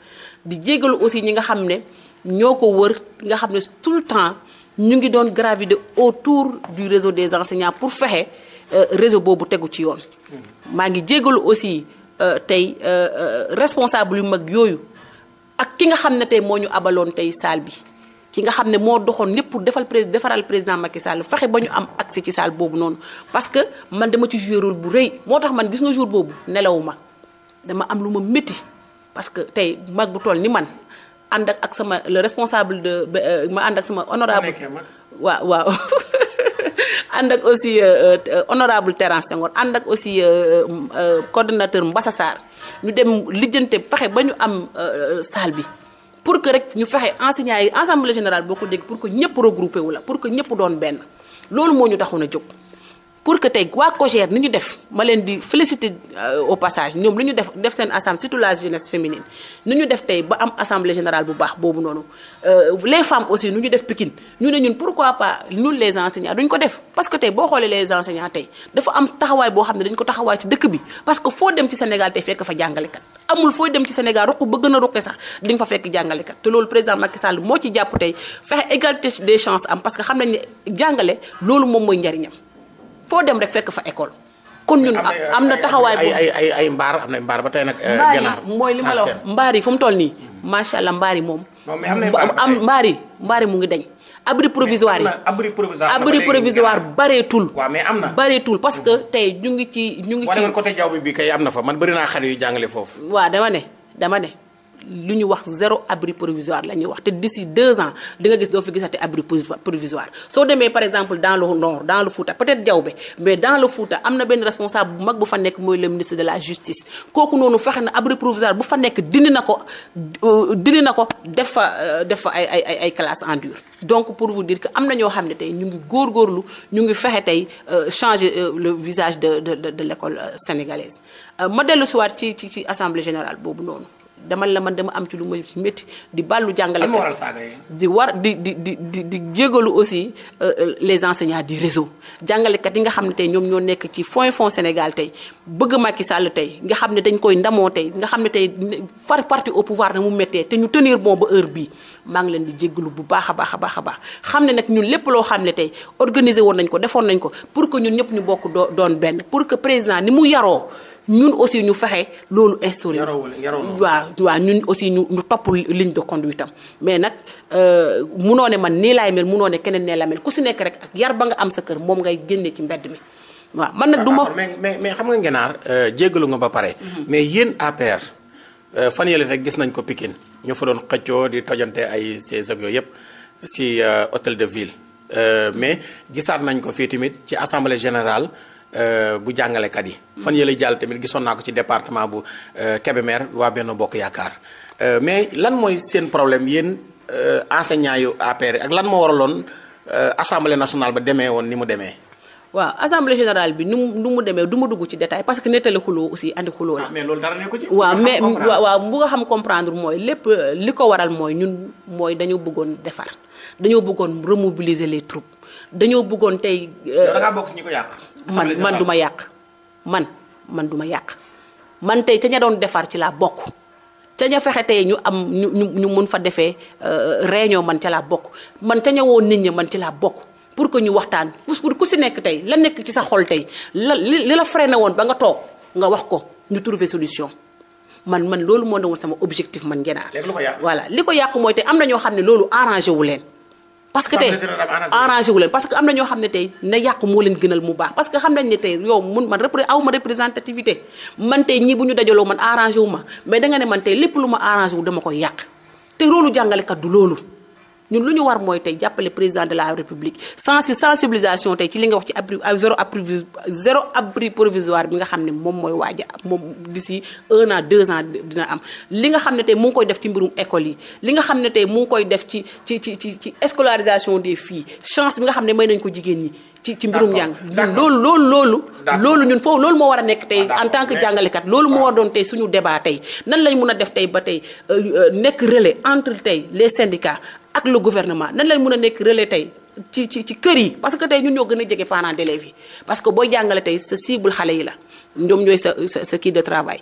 di jéggalu aussi ñi nga xam ne. ñoo ko wër nga xam ne tout le temps ñu ngi doon gravité autour du réseau des enseignants pour fexe euh, réseau boobu tegu ci yoon. maa ngi jégalu aussi euh, tey euh, responsable yu mag yooyu ak ki nga xam ne tey moo ñu abaloon tey salle bi. ki nga xam ne moo doxoon lépp pour defal prés defaral président Macky Sall fexe ba ñu am accès ci salle boobu noonu parce que man dama ci joué bu rëy moo tax man gis nga jour boobu nelawuma dama am lu ma métti parce que tey mag bu toll ni man. ànd ak ak sama le responsable de euh, ma ànd ak sama honorable waaw waaw ànd ak aussi euh, euh, honorable Terence Senghor ànd ak aussi coordonnateur Mbassa ñu dem lijjante fexe ba ñu am salle bi pour que rek ñu fexe enseignants yi assemblée générale boo ko dégg pour que ñëpp regroupé wu la pour que ñëpp doon benn loolu moo ñu taxoon a jóg pour que tey waa COJER ni ñu def ma leen di féliciter euh, au passage ñoom li ñu def def seen assemblée surtout la jeunesse féminine nu ñu def tey ba am assemblée générale bu baax boobu noonu euh, les femmes aussi nu ñu def Pikine ñu ne ñun pourquoi pas ñun les enseignants ko def parce que tey boo xoolee les enseignants tey dafa am taxawaay boo xam ne dañ ko taxawaay ci dëkk bi parce que foo dem ci Sénégal tey fekk fa jàngalekat amul fooy dem ci Sénégal ruq ba gën a ruqe sax di nga fa fekk jàngalekat te loolu président Macky Sall moo ci jàpp tey fexe égalité des chances parce que xam nañ ne jàngale loolu moom mooy njariñam foo dem rek fekk fa école. kon ñun am na taxawaay bu ay ay ay mbaar am na mbaar ba tey nag. gànnaar mooy li ma la wax mbaar yi fu mu toll nii. macha allah mbaar yi moom. am mbaar mbaar yi mu ngi dañ. abri provisoire yi abri provisoire abri provisoire bareetul. waaw mais am na bareetul parce que mhm. tey ñu ngi ci ñu ngi ci. côté jaw bi bi kay am na fa man bëri naa xale yu jàngale foofu. waa dama ne dama ne. lu ñu wax zéro abri provisoire la ñuy wax te d'ici deux ans di nga gis doo fi gisati abri provisoire soo demee par exemple dans le nord dans le Fouta peut-être Diaobé mais dans le Fouta am na benn responsable bu mag bu fa nekk mooy le ministre de la justice kooku noonu fexe na abri provisoire bu fa nekk dindi na ko euh, dindi na ko def fa euh, def fa ay ay ay ay classe en dur donc pour vous dire que am na ñoo xam ne tey ñu ngi góorlu ñu ngi fexe tey euh, changer le visage de de de l'école sénégalaise ma dellu ci ci ci assemblée générale boobu noonu. dama la man dama am ci lu ma ci métti di bàllu jàngale di war di di di di di jégalu aussi euh, euh, les enseignants di réseau jàngalekat yi nga xam ne tey ñoom ñoo nekk ci fond fon Sénégal tey bëgg Macky sàll tey nga xam ne dañ koy ndamoo tey nga xam ne tey far parti au pouvoir na mu méttee te ñu tenir bon ba heure bii maa ngi leen di jégalu bu baax a baax a baax a baax xam ne nag ñun lépp loo xam ne tey organiser woon nañ ko defoon nañ ko pour que ñun ñëpp ñu bokk doon benn pour que président ni mu yaroo ñun aussi ñu fexe loolu instauré. waa waaw ñun aussi ñu ñu topp ligne de conduite mais nag euh, munoo ne man nii laay mel munoo ne keneen nee la mel ku si nekk rek ak yar ba nga am sa kër moom ngay génne ci mbedd mi waaw man nag du ma. mais mais xam nga Ngenaar euh, jéggalu nga ba pare. Mhm. mais yéen APR. Euh, fan yële rek gis nañ ko Pikine ñu fa doon xëccoo di tojante ay ses ak yooyu yëpp si hôtel de ville mais gisaat nañ ko fii tamit ci assemblée général Euh, bu jàngalekat yi. fan yële jàll tamit gisoon naa ko ci département bu euh, Kébémer waa Benno Bokk Yaakaar euh, mais lan mooy seen problème yéen enseignants yu APR ak lan moo waraloon assemblée nationale ba demee woon ni mu demee. waa waaw assemblée générale bi nu nu mu demee du ma dugg ci détail parce que nettali xuloo aussi andi xuloo la ah, mais loolu dara nekku ci waaw mais waaw bu nga xam comprendre mooy lépp li ko waral mooy ñun mooy dañoo bëggoon defar dañoo bëggoon remobiliser les troupes dañoo bëggoon tey da ngaa ko yàq man man du ma yàq man man duma yàq man tey ca ña doon defar ci laa bokk ca ña fexe tey ñu am ñu ñu ñu mun fa defee euh, réunion man ca laa bokk man ca ña woon nit ñi man ci laa bokk pour que ñu waxtaan pour ku si nekk tey la nekk ci sa xol tey la li la na woon ba nga toog nga wax ko ñu trouver solution man man loolu moo ne woon sama objectif man ngeen a. léegi lu voilà li ko yàq mooy tey am na ñoo xam ne loolu arrangé wu leen. parce que tey arrangé wu leen parce que am na ñoo xam ne tey na yàqu moo leen gënal mu baax parce que xam nañ ne tey yow mun man repré aw ma représentativité man tey ñii bu ñu dajaloo man arrangé wu ma mais da nga ne man tey lépp lu ma arrangé wu dama koy yàq te loolu jàngalekat du loolu ñun lu ñu war mooy tey jàppale président de la république sensi sensibilisation tey ci li nga wax ci a zéro abri zéro abri provisoire bi nga xam ne moom mooy waaja moom d'ici un an deux ans dina am li nga xam ne tey mu ngi koy def ci mbirum école yi li nga xam ne tey mu ngi koy def ci ci ci ci ci scolarisation des filles chance bi nga xam ne may nañ ko jigéen ñi ci ci mbirum njàng loolu loolu loolu loolu ñun foofu loolu moo war a nekk tey ah, en tant que jàngalekat loolu moo war suñu débat nan lañ mun a def tey ba tey euh, euh, nekk relais entre tey les syndicats ak la gouvernement nan lañ mën a nekk relais tey ci ci ci kër yi parce que tey ñun ñoo gën a jege parents d'élèves parce que booy jàngale tey sa cible xale yi la ñoom ñooy sa sa sa kii de travail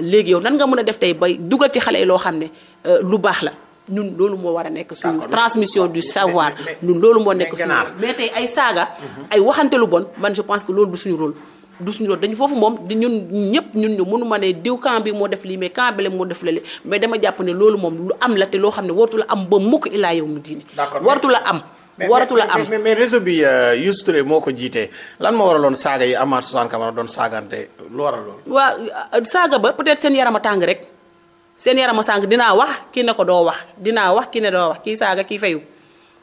léegi yow nan nga mun a def tey bay dugal ci xale yi loo xam ne euh, lu baax la ñun loolu moo war a nekk suñu transmission du savoir ñun loolu moo nekk suñu mais tey ay saaga ay waxante lu bon man je pense que loolu du suñu rôle du suñu loolu dañu foofu moom di ñun ñëpp ñun ñu mënu ma ne diw camp moo def lii mais camp bale moo def lale mais dama jàpp ne loolu moom lu am la te loo xam ne waratu la am ba mukk ilaa yow mu diine waratu la am waratu la am mais mais réseau bi euh, Youssou moo ko jiitee lan moo waraloon saaga yi Amath Suzanne Camara doon saagante lu waral loolu waaw euh, saaga ba peut-être seen yaram yarama tàng rek seen yarama sàng dinaa wax kii ne ko doo wax dinaa wax ki ne doo kii saaga kii fayu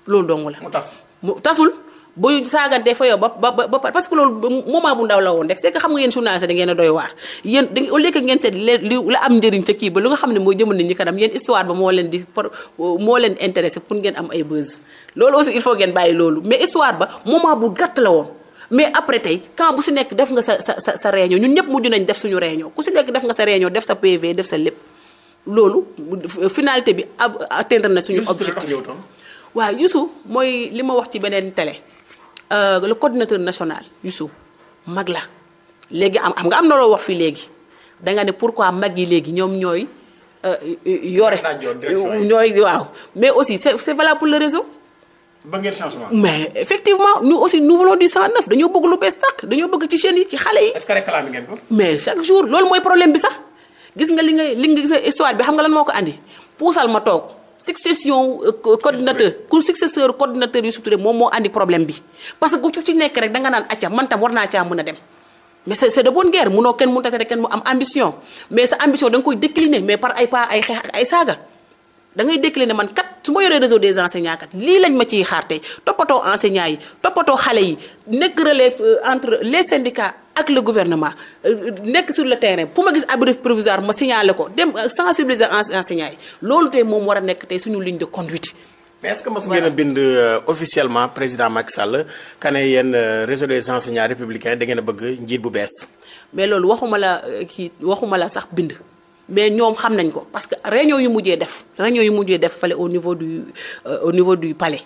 loolu dong la mu tas mu tasul ba saagantee fa yow ba ba ba parce que loolu moment bu ndaw la woon rek c'est que xam nga yéen journaliste da ngeen a doy waar yéen da au lieu que ngeen seet li la am njëriñ ca kii ba lu nga xam ne mooy jëmal nit ñi kanam yéen histoire ba moo bu gàtt la woon mais après tey quand bu si nekk def nga sa sa sa sa réunion ñun ñëpp mujj nañ def suñu réunion ku si nekk def nga sa réunion def sa PV def sa lépp loolu finalité bi atteindre na suñu objectif waaw Youssou mooy li ma wax ci beneen télé Euh, le coordinateur national Youssou mag la léegi am am nga am na loo wax fi léegi danga ne pourquoi mag yi léegi ñoom ñooy euh, yore ñooy waaw mais aussi c'est c'est valable pour le réseau ba ngeen changement. mais effectivement nu aussi nous voulons du neuf dañoo bëgg lu bees tàq dañoo bëgg ci jeunes yi ci xale yi. mais chaque jour loolu mooy problème bi sax gis nga li nga li nga gis histoire bi xam nga lan moo ko andi puusal ma toog succession euh, coordinateur pour successeur coordinateur Youssou Touré moom moo indi problème bi parce que ku ci nekk rek da nga naan acca man tam war naa caa mën a dem mais c'est de bonne guerre munoo kenn mënut a tere kenn mu am ambition mais sa ambition da nga koy décliner mais par ay pas ay xeex ak ay saaga da ngay décliner man kat su ma yoree réseau des enseignants kat lii lañ ma ciy xaar tey toppatoo enseignants yi toppatoo xale yi nekk relais euh, entre les syndicats ak le gouvernement euh, nekk sur le terrain fu ma gis abri provisoire ma signalé ko dem euh, sensibiliser enseignants yi loolu tey moom war a nekk tey suñu ligne de conduite. mais est-ce que mos ngeen a bind euh, officiellement président Macky Sall ka ne yéen réseau des enseignants républicains da ngeen a bëgg njiit bu bees. mais loolu waxuma la kii waxuma la sax bind. mais ñoom xam nañ ko parce que réunion yu mujjee def réunion yu mujjee def fale au niveau du au niveau du palais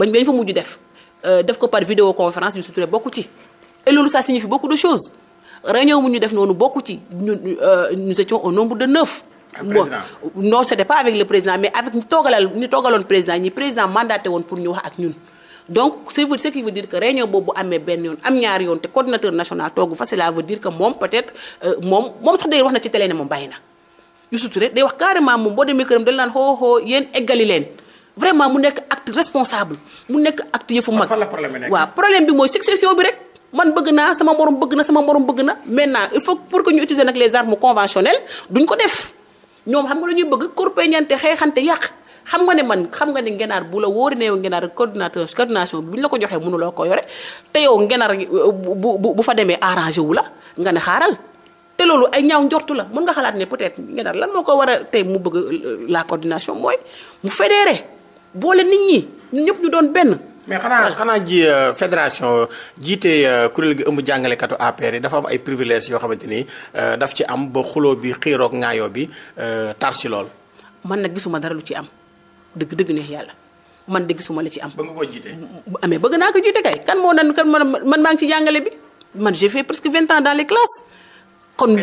bañ bañ fa mujj def def ko par vidéoconférence yu suturé bokku ci. et loolu ça signifie beaucoup de choses réunion bu ñu def noonu bokku ci ñun euh, nous étions au nombre de neuf. bon non c'était pas avec le président mais avec ñu toogalal ñu toogaloon président ñi président mandaté woon pour ñu wax ak ñun. donc c'est ce qui veut dire que réunion boobu amee benn yoon am ñaari yoon te coordinateur national toogu fa cela veut dire que moom peut-être euh, moom moom sax day wax na ci télé ne moom mu nekk acte bi mooy succession bi man bëgg naa sama morom bëgg na sama morom bëgg na maintenant il faut pour que ñu utiliser nag les armes conventionnelles duñ ko def ñoom xam nga la ñuy bëgg kurpeñante xeexante yàq xam nga ne man xam nga ne ngenaar bu la wóori ne yow ngenaar coordinateur coordination bi bu ñu la ko joxee mënuloo ko yore te yow ngenaar euh, bu bu fa demee arrangé wu la nga ne xaaral te loolu ay ñaaw njortu mën nga xalaat ne peut-être ngenaar lan moo ko war a tey mu bëgg euh, la coordination mooy mu fédéré boole nit ñi ñun ñëpp ñu doon benn mais xanaa xanaa ji euh, fédération jiite euh, kuréel gi ëmb jàngalekatu APR dafa am ay privilèges yoo xamante ni euh, daf ci am ba xuloo bi xiiroog ŋaayoo bi tar si lool. man na gisuma dara lu ci am dëgg dëgg neex yàlla man de gisuma la ci am. bëgg nga ko jiite amee bëgg naa ko jiite kay kan moo nan man maa ngi ci jàngale bi man j'ai fait presque vingt ans dans les classes. kon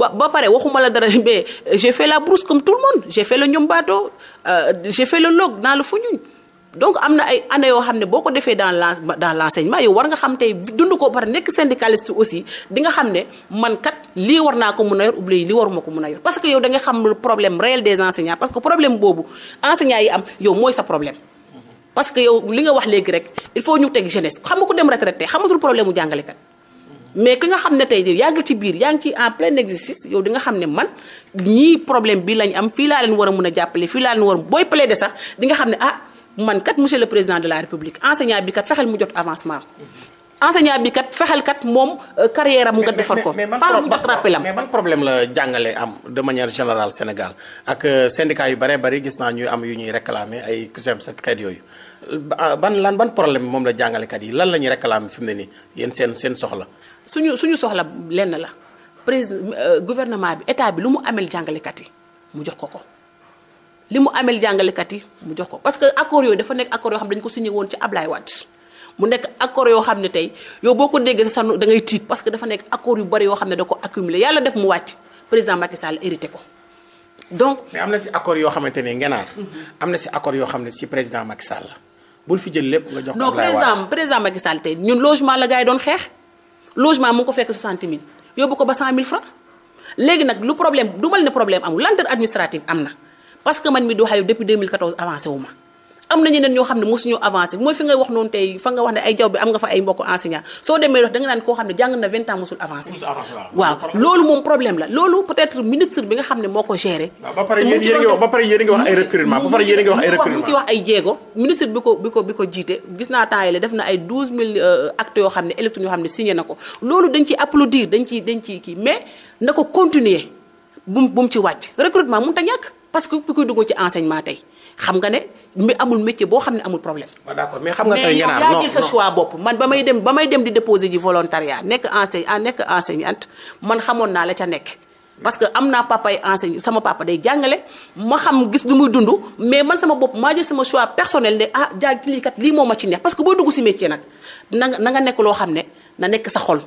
ba ba pare waxuma la dara mais j'ai fait la brousse comme tout le monde j'ai fait le ñombato j'ai log naa la fu ñuñ donc am na ay année yoo xam ne boo ko defee dans l' dans l' enseignement yow war nga xam tey dund ko par nekk syndicaliste aussi di xam ne man kat lii war naa ko mun a yor oublie lii waruma ko mun a yor parce que yow da nga xam le problème réel des enseignants parce que que yow li nga wax léegi rek faut ñu teg jeunesse xam ko dem retraité xamatul problème mu jàngalekat. mais ki nga xam ne tey yaa ci biir yaa ngi ci en plein exercice yow di nga xam ne man ñii problème bi lañ am fii laa leen war a mun a jàppale fii laa leen war booy plaider sax di nga xam ne ah. man kat monsieur le président de la république enseignant bi kat fexeel mu jot avancement enseignant bi kat fexeel kat moom euh, carrière am nga defar ko faala mu jot rappelam mais ban problème la jàngale am de manière général Sénégal ak euh, syndicat yu bare bari gis naa ñuy am yu ñuy réclamer ay kusèm sa xeet yooyu ah, ban lan ban problème moom la jàngalekat yi lan la ñuy réclamer fi mu ne nii yéen seen seen soxla suñu suñu soxla lenn la président euh, gouvernement bi état bi lu mu amel jàngalekat yi mu jox ko ko li mu ameel jàngalekat yi mu jox ko parce que accord yooyu dafa nekk accord yoo xam dañu ko signé woon ci Ablaye Wade mu yoo xam ne tey yow boo ko déggee sa da ngay tiit parce que dafa nekk accord yu bari yoo xam ne da ko accumulé yàlla def mu wàcc président Macky Sall hérité ko donc. mais am na si accord yoo xamante ne ngenaar. am na si accord yoo xam ne si président Macky Sall bul fi jël lépp nga jox non président président Macky Sall tey ñun logement la gars yi doon xeex logement mu ko fekk 60 000 yóbbu ko ba 100 000 francs léegi nag lu problème du mal ne problème amul lenteur administrative am na. parce que man mi di wax ak depuis 2014 avancé wu ma am na ñeneen ñoo xam ne mosuñoo avancé mooy fi ngay wax noonu tey fa nga wax ne ay jaww bi am nga fa ay mbokk enseignant soo demee wax da nga naan koo xam ne jàng na problème la loolu peut-être ministre bi nga xam ne moo ko géré ba pare mu ci wax ay jéego ministre bi ko bi ko bi ko jiite gis naa temps yi la def na ay 12 000 euh, actes yoo xam ne élections yoo xam ne signé na ko loolu dañ ci applaudir dañ ci dañ ci kii mais wàcc recrutement parce que ku koy dugg ci enseignement tey xam nga ne mi amul métier boo xam ne amul problème. waaw d'accord mais xam nga tey sa choix bopp man ba may dem ba may dem di déposer ji volontariat nekk enseigne ah, nekk enseignante man xamoon naa la ca nekk. parce que am naa papa ay enseigne sama papa day jàngale ma xam gis lu muy dund mais man sama bopp maa jël sama choix personnel ne ah jàng lii kat lii moo ma ci neex parce que boo dugg si métier nag na nga na nga nekk loo xam ne na nekk sa xol.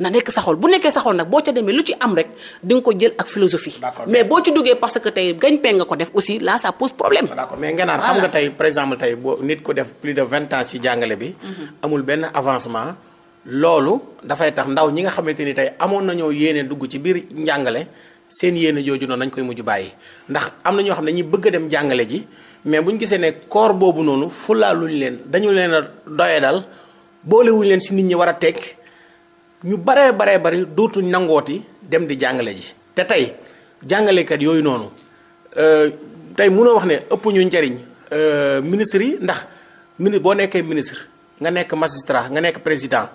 na nekk sa bu nekkee sa xol nag boo ca demee lu ci am rek di nga ko jël ak philosophie. mais boo ci duggee parce que tey gagne-pain nga ko def aussi là sa pose problème. Ah, d'accord mais Ngenaar xam nga tey par exemple tey boo nit ko def plus de vingt ans ci jàngale bi. Mhm. amul benn avancement. loolu dafay tax ndaw ñi nga xamante ni tey amoon nañoo yéene dugg ci biir njàngale seen yéene jooju noonu nañ koy mujj bàyyi ndax am na ñoo xam ne dañuy bëgg a dem jàngale ji mais bu gisee ne corps boobu noonu fulaaluñ leen dañu leen a doye dal boolewuñ leen si nit ñi war a teg ñu baree baree bari dootuñ nangooti dem di jàngale ji te tey jàngalekat yooyu noonu euh, tey mënoo wax ne ëpp ñu njariñ euh, ministre yi ndax mini boo nekkee ministre nga nekk magistrat nga nekk président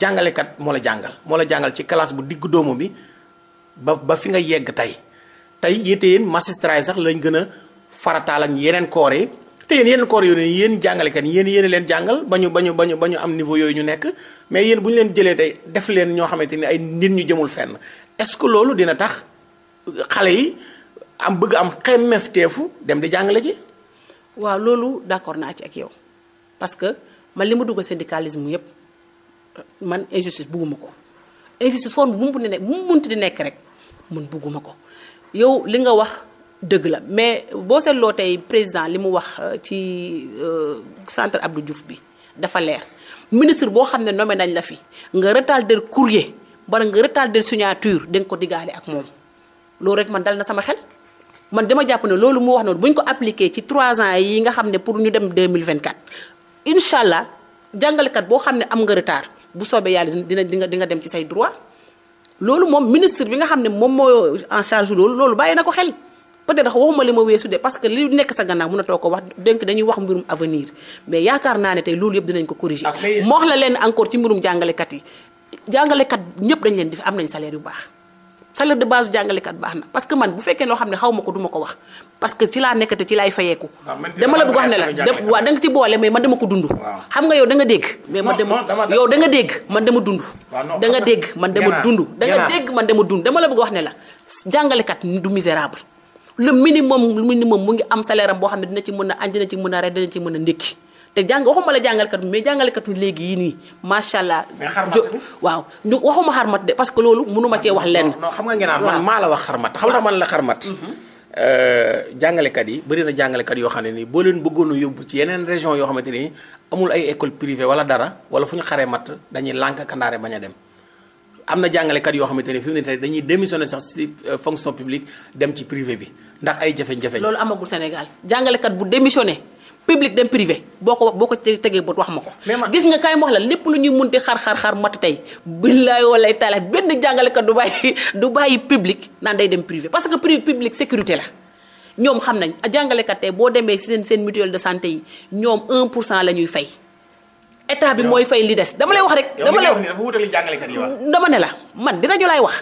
jàngalekat moo la jàngal moo la jàngal ci classe bu digg doomu bi ba ba fi nga yegg tey tey yéete yéen magistrat yi sax lañ gën a farataal ak yeneen corps yi te yéen yéen koor yooyu yéen jàngalekat yéen leen jàngal ba ñu ba ñu ba ñu ba ñu am niveau yooyu ñu nekk mais yéen bu ñu leen jëlee tey def leen ñoo xamante ni ay nit ñu jëmul fenn est-ce que loolu dina tax xale yi am bëgg am xemmeef teefu dem di jàngale ji. waaw loolu d'accord naa ci ak yow parce que man li ma dugg syndicalisme yépp man injustice bugguma ko injustice forme bu mu munti di nekk rek mun bugguma ko yow li nga wax. dëgg la mais boo seetloo tey président li mu wax euh, ci euh, centre Abdou Diouf bi dafa leer ministre boo xam ne nommé nañ la fi nga retardé courier bala nga retardé signature da nga ko diggaale ak moom loolu rek man dal na sama xel. man dama jàpp ne loolu mu wax noonu bu ñu ko appliqué ci trois ans yi nga xam ne pour ñu dem mille 2024 incha allah jàngalekat boo xam ne am nga retard bu soobee yàlla dina dina di nga dem ci say droit loolu moom ministre bi nga xam ne moom moo en charge loolu loolu bàyyi na ko xel. peut-être waxuma li ma weesu de parce que li nekk sa gannaaw mënatoo ko wax donc dañuy wax mbirum avenir mais yaakaar naa ne tey loolu yëpp dinañ ko corriger. Ah, moo wax la leen encore ci mbirum jàngalekat yi jàngalekat ñëpp dañ leen di am nañ salaire yu baax. salaire de base jàngalekat baax na parce que man bu fekkee loo xam ne xaw ma ko duma ko wax parce que ci laa nekkate ci laay fayeeku ah, dama la bëgg wax ne la waaw da nga ci boole mais man dama ko dund nga yow da nga dégg mais man dama yow dund da nga man dama dund da nga la bëgg wax ne la jàngalekat du misérable le minimum le minimum mu ngi am salaire am boo xam ne dina ci mën a añ dina ci mën a reer dina ci mën a ndékki te jàng waxuma la jàngalkat may mais jàngalkatu léegi yii nii macha allah. jo waaw ñu waxuma xarmat de parce que loolu mënuma cee wax lenn. non xam nga ngeen naan man maa wax xarmat xam nga man la xarmat. Mm-hmm. Euh, jàngalekat yi bëri na jàngalekat yoo xam ne nii boo leen bëggoon a yóbbu ci yeneen région yoo xamante ni amul ay école privée wala dara wala fu ñu xaree mat dañuy lànk kandaare bañ a dem am na jàngalekat yoo xamante ne fi mu ne tey dañuy démissionné sax si euh, fonction publique dem ci privé bi ndax ay jafe-jafe. loolu amagu Sénégal jàngalekat bu démissionné public dem privé boo ko boo ko tegee bët wax ma ko. gis nga kay wax la lépp lu ñuy munti xar xar xar mat tey. billaay walaay taala benn jàngalekat du bàyyi bàyyi public naan day dem privé parce que privé public sécurité la. ñoom xam nañ jàngalekat tey boo demee si seen seen mutuelle de santé yi ñoom pour cent la ñuy fay. état bi mooy fay li des dama lay wax rek. dama la dafa wutali jàngalekat yi wax dama ne la man dina ñu lay wax.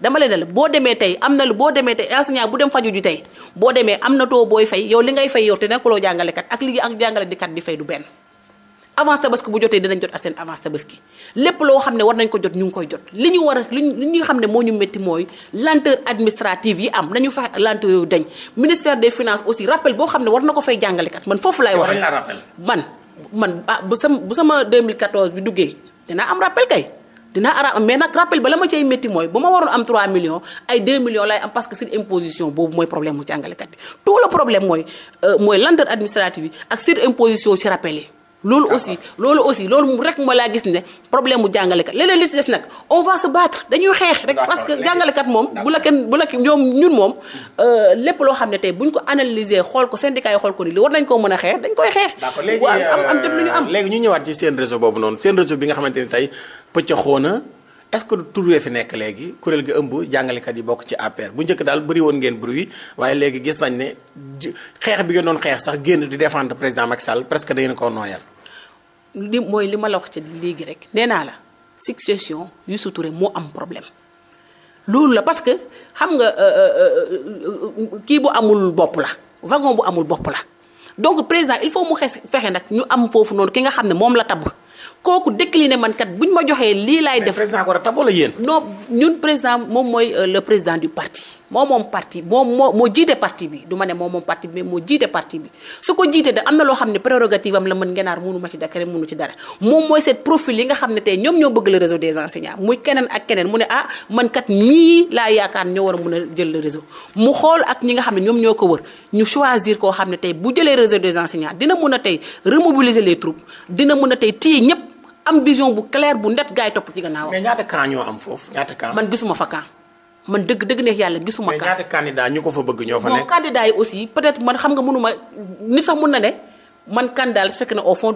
dama leen la boo demee tey am na lu boo demee tey enseignant bu dem fajo ji tey boo demee am na too booy fey yow li ngay fay yow te loo jàngalekat ak li ak jàngale di kat di fay du benn avance tabaski bu jotee dinañ jot ak seen avance tabaski lépp loo xam ne war nañ ko jot ñu ngi koy jot li ñu war a li ñu xam ne moo ñu métti mooy lenteur administrative yi am nañu fa lenteur yooyu dañ ministère des finances aussi rappel boo xam ne war na ko fay jàngalekat man foofu lay wax man man ah bu sama bu sama 2014 bi duggee dinaa am rappel kay dinaa ara mais nag rappel bala ma cay métti mooy ba ma waroon am 3 millions ay 2 millions lay am parce que sur imposition boobu mooy problème mu jàngalekat bi tout le problème mooy euh, mooy lenteur administrative yi ak sur imposition ci rappel loolu aussi loolu aussi loolu rek moo laa gis ne problème mu jàngalekat leen li si des nag on va se battre dañuy xeex rek parce que jàngalekat moom bu la kenn bu la ñoom ñun moom hmm. euh, lépp loo xam ne tey buñ ko analyser xool ko syndicat yi xool ko li war nañ koo mën a xeex dañ koy xeex am euh, ñu ñëwaat ci seen réseau boobu noonu seen réseau nga xamante ni tey pëccaxoo na est-ce que nekk léegi kuréel ga ëmb jàngalekat yi bokk ci APR bu njëkk daal bëri woon ngeen bruit waaye léegi gis nañ ne xeex bi ngeen doon xeex sax génn di défendre président Macky Sall presque da ngeen koo nooyal li mooy li ma la wax ci léegi rek nee naa la succession Youssou Touré moo am problème loolu la parce que xam nga euh, euh, euh, kii bu amul bopp la wagon bu amul bopp la donc président il faut mu xes fexe nag ñu am foofu noonu ki nga xam ne moom la tabb kooku décliné man kat buñ ma joxee lii laay def. président ko war a tab wala yéen. ñun président moom mooy euh, le président du parti moom moom parti moom moo moo jiite parti bi du ma ne moom moom parti bi moo jiite parti bi su ko jiite da am na loo xam ne prérogative am la mën ngenaar mënu ma ci dakare mënu ci dara moom mooy seet profil yi nga xam ne tey ñoom ñoo bëgg le réseau des enseignants muy keneen ak keneen mu ne ah man kat ñii laa yaakaar ñoo war a mën a jël le réseau mu xool ak ñi nga xam ne ñoom ñoo ko wër ñu choisir koo xam ne tey bu jëlee réseau des enseignants dina mën a tey remobiliser les troupes dina mën a tey téye ñëpp am vision bu claire bu net gaay topp ci gannaawam. mais ñaata camp ñoo am foofu man gisuma fa camp man dëgg dëgg neex yàlla gisuma. camp mais ñaata candidat ñu ko fa bëgg ñoo fa nekk. ma nit sax mun na ne man candidat la su fekkee ne au fond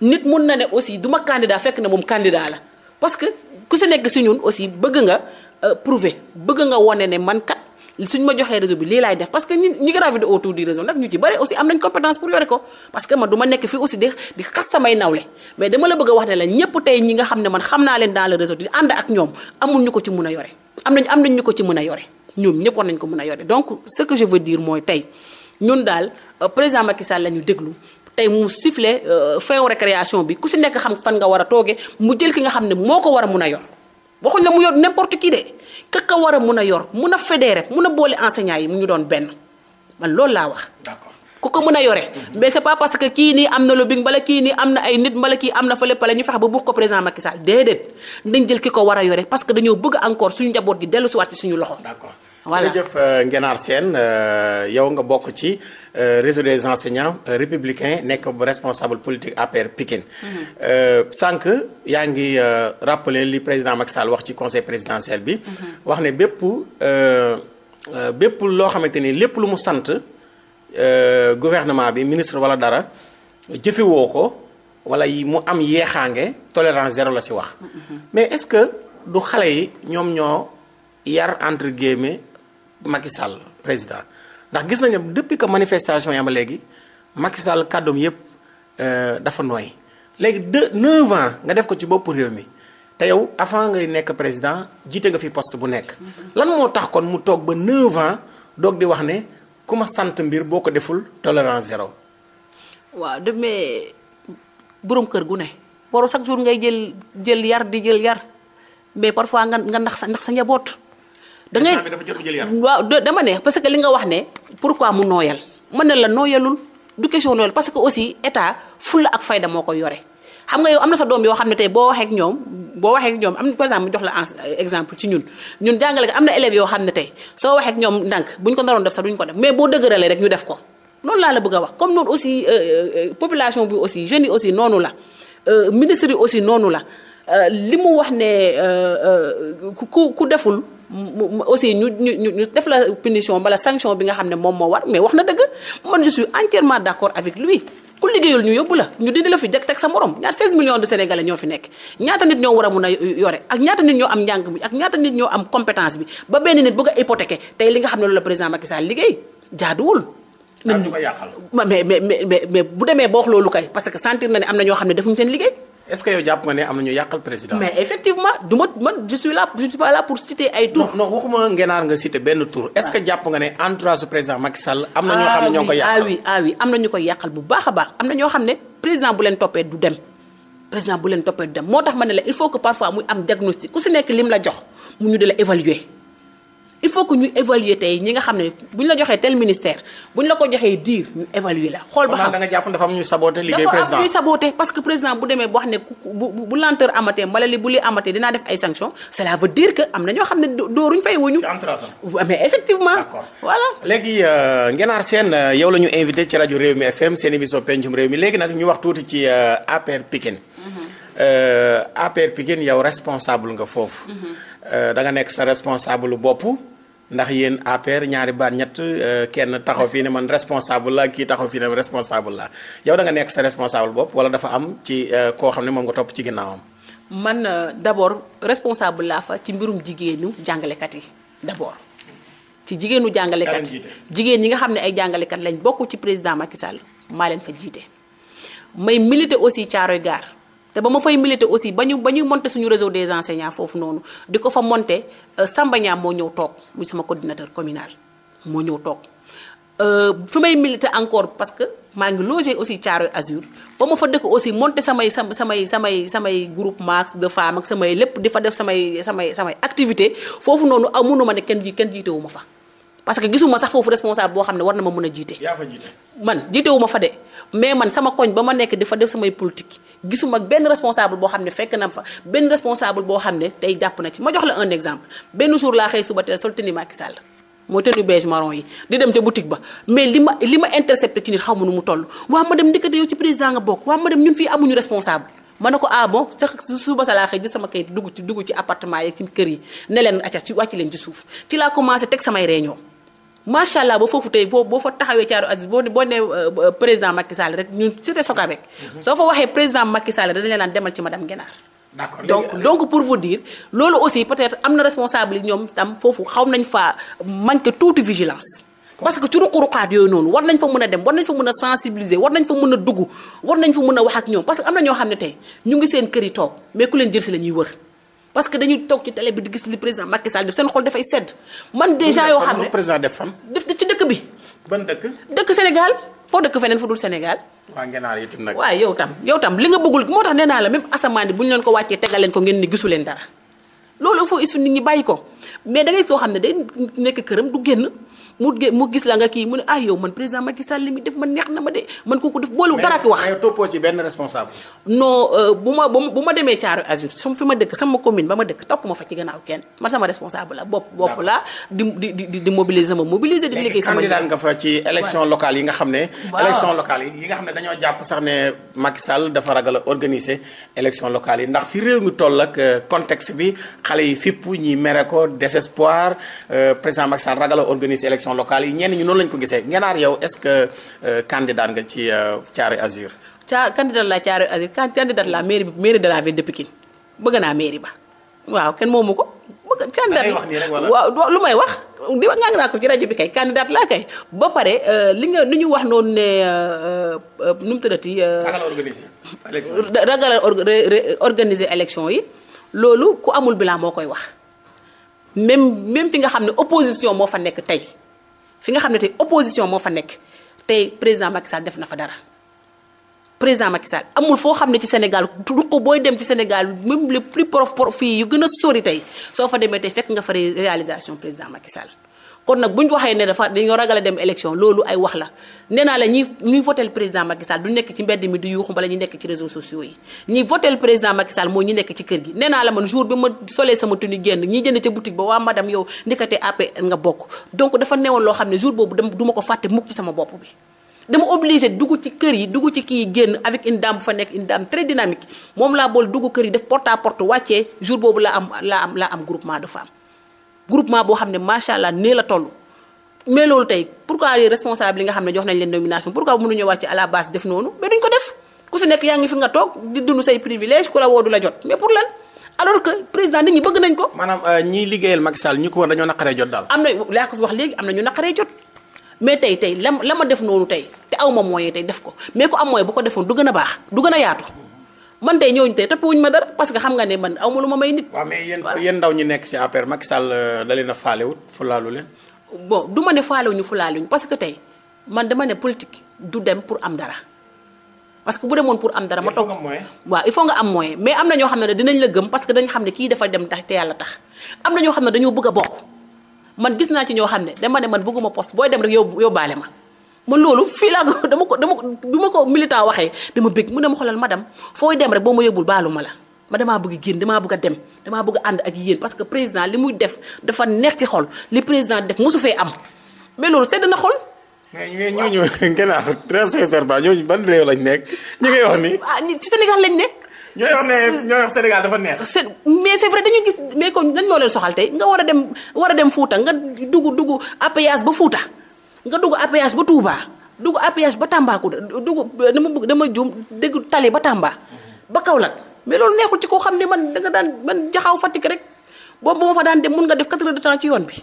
nit mun na ne aussi du ma candidat fekk na moom candidat la parce que ku si nekk si ñun aussi bëgg nga euh, prouver bëgg nga wone ne man kat. suñ ma joxee réseau bi lii laay def parce que ñi ñi gravité autour du réseau nag ñu ci bëri aussi am nañ compétence pour yore ko parce que man du ma nekk fii aussi di xas samay nawle mais dama la bëgg a wax ne la ñëpp tey ñi nga xam ne man xam naa leen dans le réseau di ànd ak ñoom amul ñu ko ci mën a yore am nañ am nañ ñu ko ci mën a yore ñoom ñëpp war nañ ko mën a yore donc ce que je veux dire mooy tey ñun daal euh, président Macky Sall la ñu déglu tey mu sifflé euh, fin récréation bi ku si nekk xam fan nga war a toogee mu jël ki nga xam ne moo ko war a mën a yor waxuñ la mu yor n'importe qui de kaka war a mun a yor mun a fédérer mun a boole enseignants yi mu ñu doon benn man loolu laa wax. d'accord ku ko mën a yore. Mm-hmm. mais c'est pas parce que kii nii am na lobbying mbala kii nii am na ay nit mbala kii am na fële pale ñu fex ba buux ko président Macky Sall déedéet jël ki ko war a yore parce que dañoo bëgg encore suñu njaboot gi dellu si waat ci loxo. d'accord voilà jërëjëf euh, Ngenaar Sène euh, yow nga bokk ci euh, réseau des enseignants républicain nekk bu responsable politique APR Pikine. Mhm. sànq yaa ngi rappeler li président Macky Sall wax ci conseil présidentiel bi. Mhm. wax ne bépp bépp loo xamante ni lépp lu mu sant gouvernement bi ministre wala dara jëfewoo ko wala yi mu am yeexaange tolérance zéro la si wax. Mhm. mais est-ce que du xale yi ñoom ñoo yar entre guillemets Macky Sall président ndax gis nañu ne depuis que manifestation yi am léegi Macky Sall kàddoom yëpp euh, dafa nooy léegi deux neuf ans nga def ko ci bopp réew mi te yow avant ngay nekk président jiite nga fi poste bu nekk. lan moo tax kon mu toog ba neuf ans doog di wax ne ku sant mbir boo ko deful tolérance zéro. waaw de mais borom kër gu ne waru chaque jour ngay jël jël yar di jël yar mais parfois nga nga ndax sa ndax sa njaboot. da ngay waaw dama ne parce que li nga wax ne pourquoi mu nooyal mën na la nooyalul du question nooyal parce que aussi état fulla ak fayda moo koy yore xam nga yow am na sa doom yoo xam ne tey boo waxeek ñoom boo waxee ak ñoom am na par exemple la euh, exemple ci ñun ñun jàngale ko am na élèves yoo xam ne tey soo waxeek ñoom ndànk bu ñu ko naroon def sa duñ ko def mais boo dëgëralee rek ñu def ko noonu laa la bëgg a wax comme noonu aussi euh, euh, population bi aussi jeunes yi aussi noonu la ministre yi aussi noonu la li mu wax ne ku ku deful mu aussi ñu ñu ñu def la punition bala sanction bi nga xam ne moom moo war mais wax na dëgg man je suis entièrement d'accord avec lui ku liggéeyul ñu yóbbu la ñu dindi la fi jag teg sa morom ñaar 16 millions de sénégalais ñoo fi nekk ñaata nit ñoo war a am njàng bi ak ñaata nit ñoo am compétence bi ba benn nit bëgg a hypothéquer tey li nga xam ne loolu la président Macky Sall liggéey jaaduwul. mais mais mais mais bu demee boo wax loolu kay parce que sentir xam ne defuñu seen liggéey. est-ce que yow jàpp nga ne am na ñu yàqal président. mais effectivement du ma man je suis là je suis pas là pour citer ay tour non waxuma ngenaar nga citer benn tour est-ce que ah. jàpp nga ne entourage président Macky Sall. am na ñoo ah xam ne ñoo ko ah yàqal bu baax baax am na ñoo xam ne président bu leen toppee du dem. président bu leen toppee du dem moo tax ma ne la il faut que parfois muy am diagnostic ku si nekk lim la jox mu ñu di la évaluer. il faut que ñu évaluer tey ñi nga xam ne bu ñu la joxee tel ministère bu ñu la ko joxee diir ñu évaluer la. xool ba xam da nga jàpp dafa am ñuy saboter liggéey président dafa am ñuy saboter parce que président bu demee wax ne bu ay sanctions cela veut dire am na ñoo xam ne dooruñ fay wuñu. mais effectivement. d'accord voilà. léegi euh, Ngenaar Sène euh, yow la ñu invité ci rajo Réew mi FM seen émission pencum réew mi léegi nag ñu wax tuuti ci euh, APR Pikine. Mhm. APR Pikine yow responsable nga foofu. Mhm. danga nekk sa responsable bopp. ndax yéen APR ñaari baat ñett euh, kenn taxaw fii ne man responsable la kii taxaw fii ne responsable la yow da nga nekk sa responsable bopp wala dafa am ci euh, koo xam ne moom nga topp ci ginnaawam. man euh, d'abord responsable laa fa ci mbirum jigéenu jàngalekat yi d'abord. ci jigéenu jàngalekat jigéen ñi nga xam ne ay jàngalekat lañ bokk ci président Macky Sall maa leen fa jiite. may militer aussi Caaroy Gaar te ba ma fay militer aussi ba ñu ba ñuy monter suñu réseau des enseignants foofu noonu di ko fa monter euh, Samba Niam moo ñëw toog muy sama coordinateur communal moo ñëw toog euh, fi may militer encore parce que maa ngi logé aussi Thiaroye Azur ba ma fa dëkk aussi monter samay sam samay samay samay groupement de faam ak samay lépp di fa def samay samay samay activité foofu noonu amunuma ne kenn ji kenn jiitewu ma fa parce que gisuma sax foofu responsable boo xam ne war na ma mën a jiite. yaa fa man jiitewu ma fa de. mais man sama koñ ba ma nekk di def samay politique gisuma benn responsable boo xam ne fekk na fa benn boo xam ne tey jàpp na ci ma jox la un exemple benn jour laa xëy suba teel sol tenue Macky Sall mooy tenue beige marron yi di dem ca boutique ba mais li ma li ma intercepté ci nit xaw ma nu mu toll waa ma dem ndëkkate yow ci président nga bokk waa ma dem ñun fii amuñu responsable ma ne ko ah bon suba sa laa xëy jël sama kayit dugg ci dugg ci appartement yi ci kër yi ne leen acca ci wàcc ci suuf ci laa commencé teg samay réunion macha allah ba foofu tey boo boo fa taxawee caaru Aziz boo boo nee euh, euh, président Macky Sall rek ñun c'était Socabek. Mhm. soo fa waxee président Macky Sall dañ la demal ci madame dem d'accord donc donc pour vous dire loolu aussi peut-être am na responsable yi ñoom tam foofu xaw nañ fa manqué tuuti vigilance. parce que ci ruqu-ruqaat yooyu noonu war nañ fa mën a dem war nañ fa mën a sensibiliser war nañ fa mën a dugg war nañ fa mën a wax ak ñoom parce que am na ñoo xam ne tey ñu seen kër yi toog mais ku leen jël si la ñuy wër. parce que dañuy toog ci télé bi di gis li président Macky Sall def seen xol dafay sedd. man déjà yoo xam ne président def fan. ci dëkk bi. ban dëkk. dëkk Sénégal foo dëkk feneen fu dul Sénégal. waa ngenaar yi itam nag. yow tam yow tam li nga bëggul moo tax nee naa la même asamaan bi bu ñu leen ko wàccee tegal leen ko ngeen ni gisu leen dara loolu il faut nit ñi bàyyi ko mais dangay soo xam ne de nekk këram du génn. mu gis la nga kii mu ne ah yow man président Macky Sall li mi def man neex na ma de man kooku def boolewul dara ki wax. toppoo ci benn responsable. non euh, bu ma bu ma demee Caaroy Azur sama fi ma dëkk sama commune ba ma dëkk topp ma fa ci gannaaw kenn man sama responsable la bopp bopp la di di di di mobiliser ma di liggéey sama candidat nga fa ci yi nga xam ne. élection locale xam ne dañoo jàpp sax ne Macky Sall dafa ragal a organiser élection locale yi ndax fi réew mi toll ak euh, contexte bi xale yi fipp ñi mere ko désespoir euh, président Macky Sall ragal a organiser élection élection locale yi ñenn ñu noonu lañ ko gisee ngenaar yow est-ce que euh, candidat nga ci euh, Thiaré Azur. Thiar candidat la Thiaré Azur candidat la mairie mairie de la ville de Pikine bëgg naa mairie ba waaw kenn moomu ko. candidat waaw lu may wax di wax ngaa naa ko ci rajo bi kay candidat laa kay ba pare euh, li nga nu ñu wax noonu ne nu mu tëddati ragal organiser élection yi loolu ku amul bilan moo koy wax même même fi nga xam ne opposition moo fa nekk tey fi nga xam ne tey opposition moo fa nekk tey président Macky Sall def na fa dara président Macky Sall amul foo xam ne ci Sénégal du ko booy dem ci Sénégal même le plus prof fii yu gën a sori tey soo fa demee tey fekk nga fa réalisation président Macky Sall kon nag bu ñu waxee ne dafa dañoo ragal a dem élection loolu ay wax la nee naa la ñi ñuy votel président Macky Sall du nekk ci mbedd mi du yuuxu bala ñu nekk ci réseaux sociaux yi ñi votel président Macky mooy ñu nekk ci kër gi nee naa la man jour bi ma solee sama tuni génn ñi jënd ca boutique ba waa madame yow ndikate APR nga bokk donc dafa newoon loo xam ne jour boobu du ko fàtte mukk ci sama bopp bi dama obligé dugg ci kër yi dugg ci kii génn avec une dame bu fa nekk une dame très dynamique moom laa bool dugg kër yi def porte à porte la la am la am groupement groupement boo xam ne macha allah nee la toll mais loolu tey pourquoi les responsables yi nga xam ne jox nañ leen nomination pourquoi mënuñoo wàcc à la base def noonu mais duñ ko def ku si nekk yaa ngi fi nga toog di dund say privilège ku la woo la jot mais pour lan alors que président nit ñi bëgg nañ ko. maanaam euh, ñiy liggéeyal Macky Sall ñu ko war dañoo naqaree jot daal. am na laa ko fi wax léegi am na ñu naqaree jot mais tey tey la la ma def noonu tey aw ma moyen tey def ko mais ku am bu ko defoon du gën a baax du gën yaatu. man tey ñooñu tey topp wuñu ma dara parce que xam nga ne man aw ma lu ma may nit. waaw mais yéen ndaw ñi nekk ci APR Macky Sall euh, da leen a faalewut fulaalu leen. bon du ma ne faalewuñu fulaaluñu parce que tey man dama ne politique du dem pour am dara parce que bu demoon pour am dara. ma toog waaw il faut nga am moyen mais am na ñoo xam ne dinañ la gëm parce que dañ xam ne kii dafa dem tax te yàlla tax am na ñoo xam ne dañoo bëgg bokk man gis naa ci ñoo xam ne dama ne man bëgguma poste booy dem rek yóbbaale ma ma loolu fii laa dama ko dama ko bi ma ko militant waxee dama bëgg mu ne ma xoolal madame fooy dem rek boo ma yóbbul baalu ma la ma damaa bëgg génn damaa bëgg a dem damaa bëgg ànd ak yéen parce que président li muy def dafa neex ci xol li président def mosu fee am mais loolu sedd na xol. mais ñooñu ngeen a très sincèrement ñooñu ban réew lañ nekk ñi ngay wax ah, Sénégal lañ nekk. ñoo wax ne ñooy wax Sénégal dafa neex. mais c'est vrai dañu gis mais kon nan moo leen soxal tey nga war a dem war a dem Fouta nga dugg dugg APS ba Fouta. nga dugg APS ba Touba dugg APS ba Tambacounda dugg dama bëgg dama jum dégg tali ba Tamba ba Kaolack mais loolu neexul ci koo xam ne man da nga daan man jaxaw Fatick rek boobu moo fa daan dem mun nga def 4 heures ci yoon bi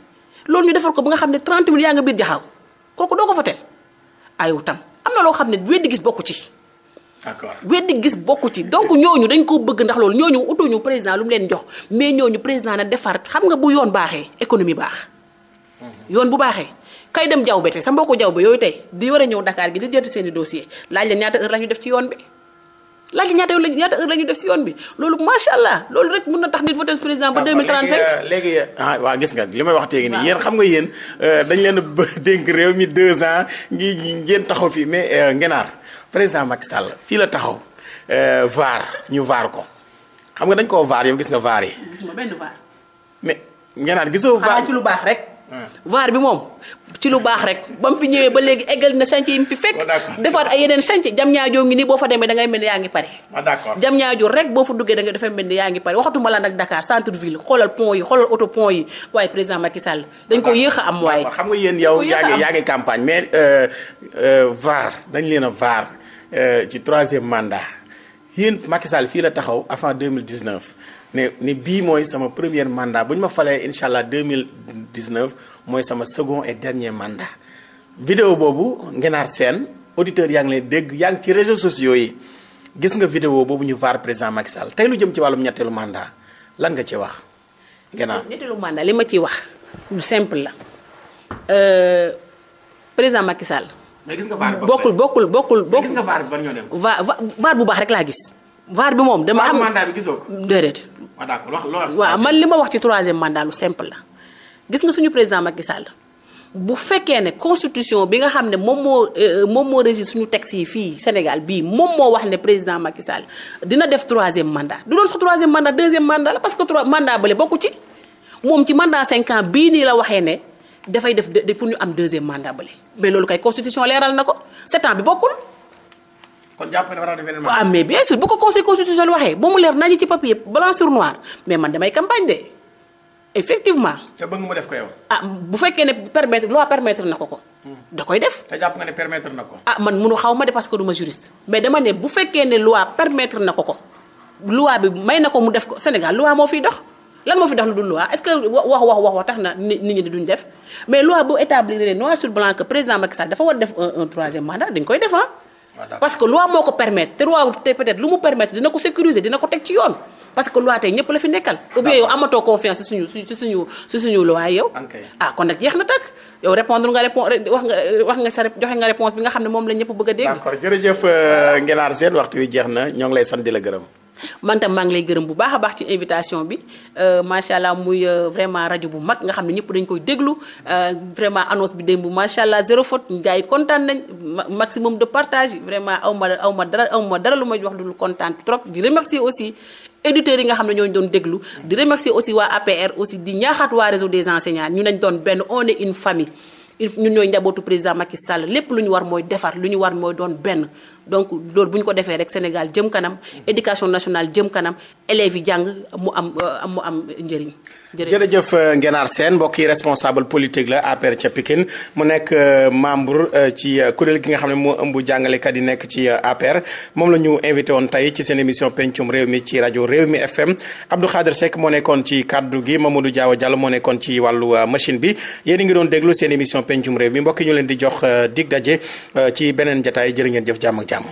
loolu ñu defar ko ba nga xam ne 30 minutes yaa nga biir jaxaaw kooku doo ko fa teel ayu tam am na loo xam ne weddi gis bokku ci. d'accord weddi gis bokku ci donc ñooñu dañ ko bëgg ndax loolu ñooñu utuñu président lu mu leen jox mais ñooñu président na defar xam nga bu yoon baaxee économie baax. Mhm. yoon bu baaxee kay dem jaww bi tey sa mbokku jaww bi yooyu tey di war a ñëw Dakar gi di jënd seen i dossier laaj leen ñaata heure la def ci yoon bi laaj leen ñaata heure la ñaata def ci yoon bi loolu macha allah loolu rek mun na tax nit votel président ba 2035 ah, léegi euh, euh, ah waaw gis nga li may wax téegi nii yéen xam nga yéen euh, dañ leen dénk réew mi deux ans ngi ngeen taxaw fii mais ngenaar président Macky Sall fii la taxaw vaar ñu vaar ko xam nga dañ koo vaar yow gis nga vaar yi. gisuma benn vaar. mais ngeenaar gisoo vaar ci lu baax rek. Hmm. vaar bi moom lu baax rek ba mu fi ñëwee ba léegi eggal na chantier yi mu fi fekk defaat ay yeneen chantier jam ñaajoo ngi nii boo fa demee da ngay mel ni yaa ngi pare ah, jam ñaajoo rek boo fa duggee da ngay dafay mel ni yaa ngi pare waxatuma la nag Dakar centre ville xoolal pont yi xoolal auto pont yi waaye président Macky dañ ko ah, yéex am waaye xam nga yéen yow yaa ngi yaa ngi campagne mais euh, euh, VAR dañ leen a VAR euh, ci troisième mandat yéen Macky Sall fii la taxaw avant 2019 ne ne bii mooy sama premier mandat bu ñu ma falee incha allah 2019 mooy sama second et dernier mandat. vidéo boobu Ngenaar seen auditeurs yaa ngi lay dégg yaa ngi ci réseaux sociaux yi gis nga vidéo boobu ñu vaar président Macky tey lu jëm ci wàllum ñetteelu mandat lan nga ci wax. Ngenaar ñetteelu mandat li ma ciy wax lu simple la euh, président Macky Sall. mais nga vaar bokkul bokkul bokkul bokkul. mais gis vaar vaar bu baax rek laa gis. vaar bi moom dama am mandat bi gisoo ko Ah, waaw d'accord loo wax waaw man li ma wax ci troisième mandat lu simple la gis nga suñu président Macky Sall bu fekkee ne constitution bi nga xam ne moom moo euh, moom moo régir suñu texte yi fii Sénégal bii moom moo wax ne président Macky Sall dina def troisième mandat du doon sax troisième mandat deuxième mandat la parce que trois mandat bële bokku ci moom ci mandat cinq ans bii nii la waxee ne dafay def pour ñu am deuxième mandat bële mais loolu koy constitution leeral na ko sept bi bokkul. kon jàpp na war a def beneen mandat. waaw mais bien sûr bu ko conseil constitutionnel waxee ba mu leer nañu ci papier blanc sur noir mais man damay campagne de effectivement. te bëgg def ko yow. ah bu fekkee ne permettre loi permettre na ko ko. Hmm. da koy def. te jàpp nga ne permettre ah man munu xaw ma de parce que du ma juriste. mais dama ne bu fekkee ne loi permettre na ko ko loi bi may na ko mu def ko Sénégal loi moo fiy dox. lan moo fi dox lu dul loi est-ce que wax wax wax tax na nit ñi duñ def mais loi bu établir ne noir sur blanc que président Macky dañ koy def parce que loi moo ko permettre te loi te peut lu mu permettre dina ko sécuriser dina ko teg ci yoon parce que loi tey ñëpp la fi nekkal ou bien yow amatoo confiance ci suñu ci suñu ci suñu loi yow ah kon nag jeex na tak yow répondre nga réponse wax nga wax nga sa joxe nga réponse bi nga xam ne moom la ñëpp bëgg a dégg d'accord jërëjëf euh, Ngelar Sène waxtu wi jeex na ñoo ngi lay sant di la gërëm man tam maa ngi lay gërëm bu baax a baax ci invitation bi euh, macha allah muy euh, vraiment rajo bu mag nga xam ne ñëpp dañ koy déglu euh, vraiment annonce bi démb macha allah zéro faute gars yi kontaan nañ maximum de partage vraiment aw ma aw ma dara aw ma dara lu may wax lu kontaan trop di remercier aussi. éditeurs yi nga xam ne ñooñu doon déglu di remercier aussi waa APR aussi di ñaaxaat waa réseau des enseignants ñu nañ doon benn on est une famille il ñun ñooy njabootu président Macky Sall lépp lu ñu war mooy defar lu ñu war mooy doon benn donc loolu bu ñu ko defee rek Sénégal jëm kanam éducation nationale jëm kanam élèves yi jàng mu am euh, mu am njëriñ jërëjëf euh, Ngenaar seen mbokk yi responsable politique la APR ca Pikine mu nekk euh, membre euh, ci kuréel gi nga xam ne moo ëmb jàngalekat yi nekk ci APR moom la ñu invité woon tey ci seen émission pencum réew mi ci rajo réew mi FM Abdou Khader Seck moo nekkoon ci kàddu gi ma du Diaw Diallo moo nekkoon ci wàllu machine bi yéen a ngi doon déglu seen émission pencum réew mi mbokk ñu leen di jox dig daje ci beneen jataay jër ngeen jëf jàmm ak jàmm.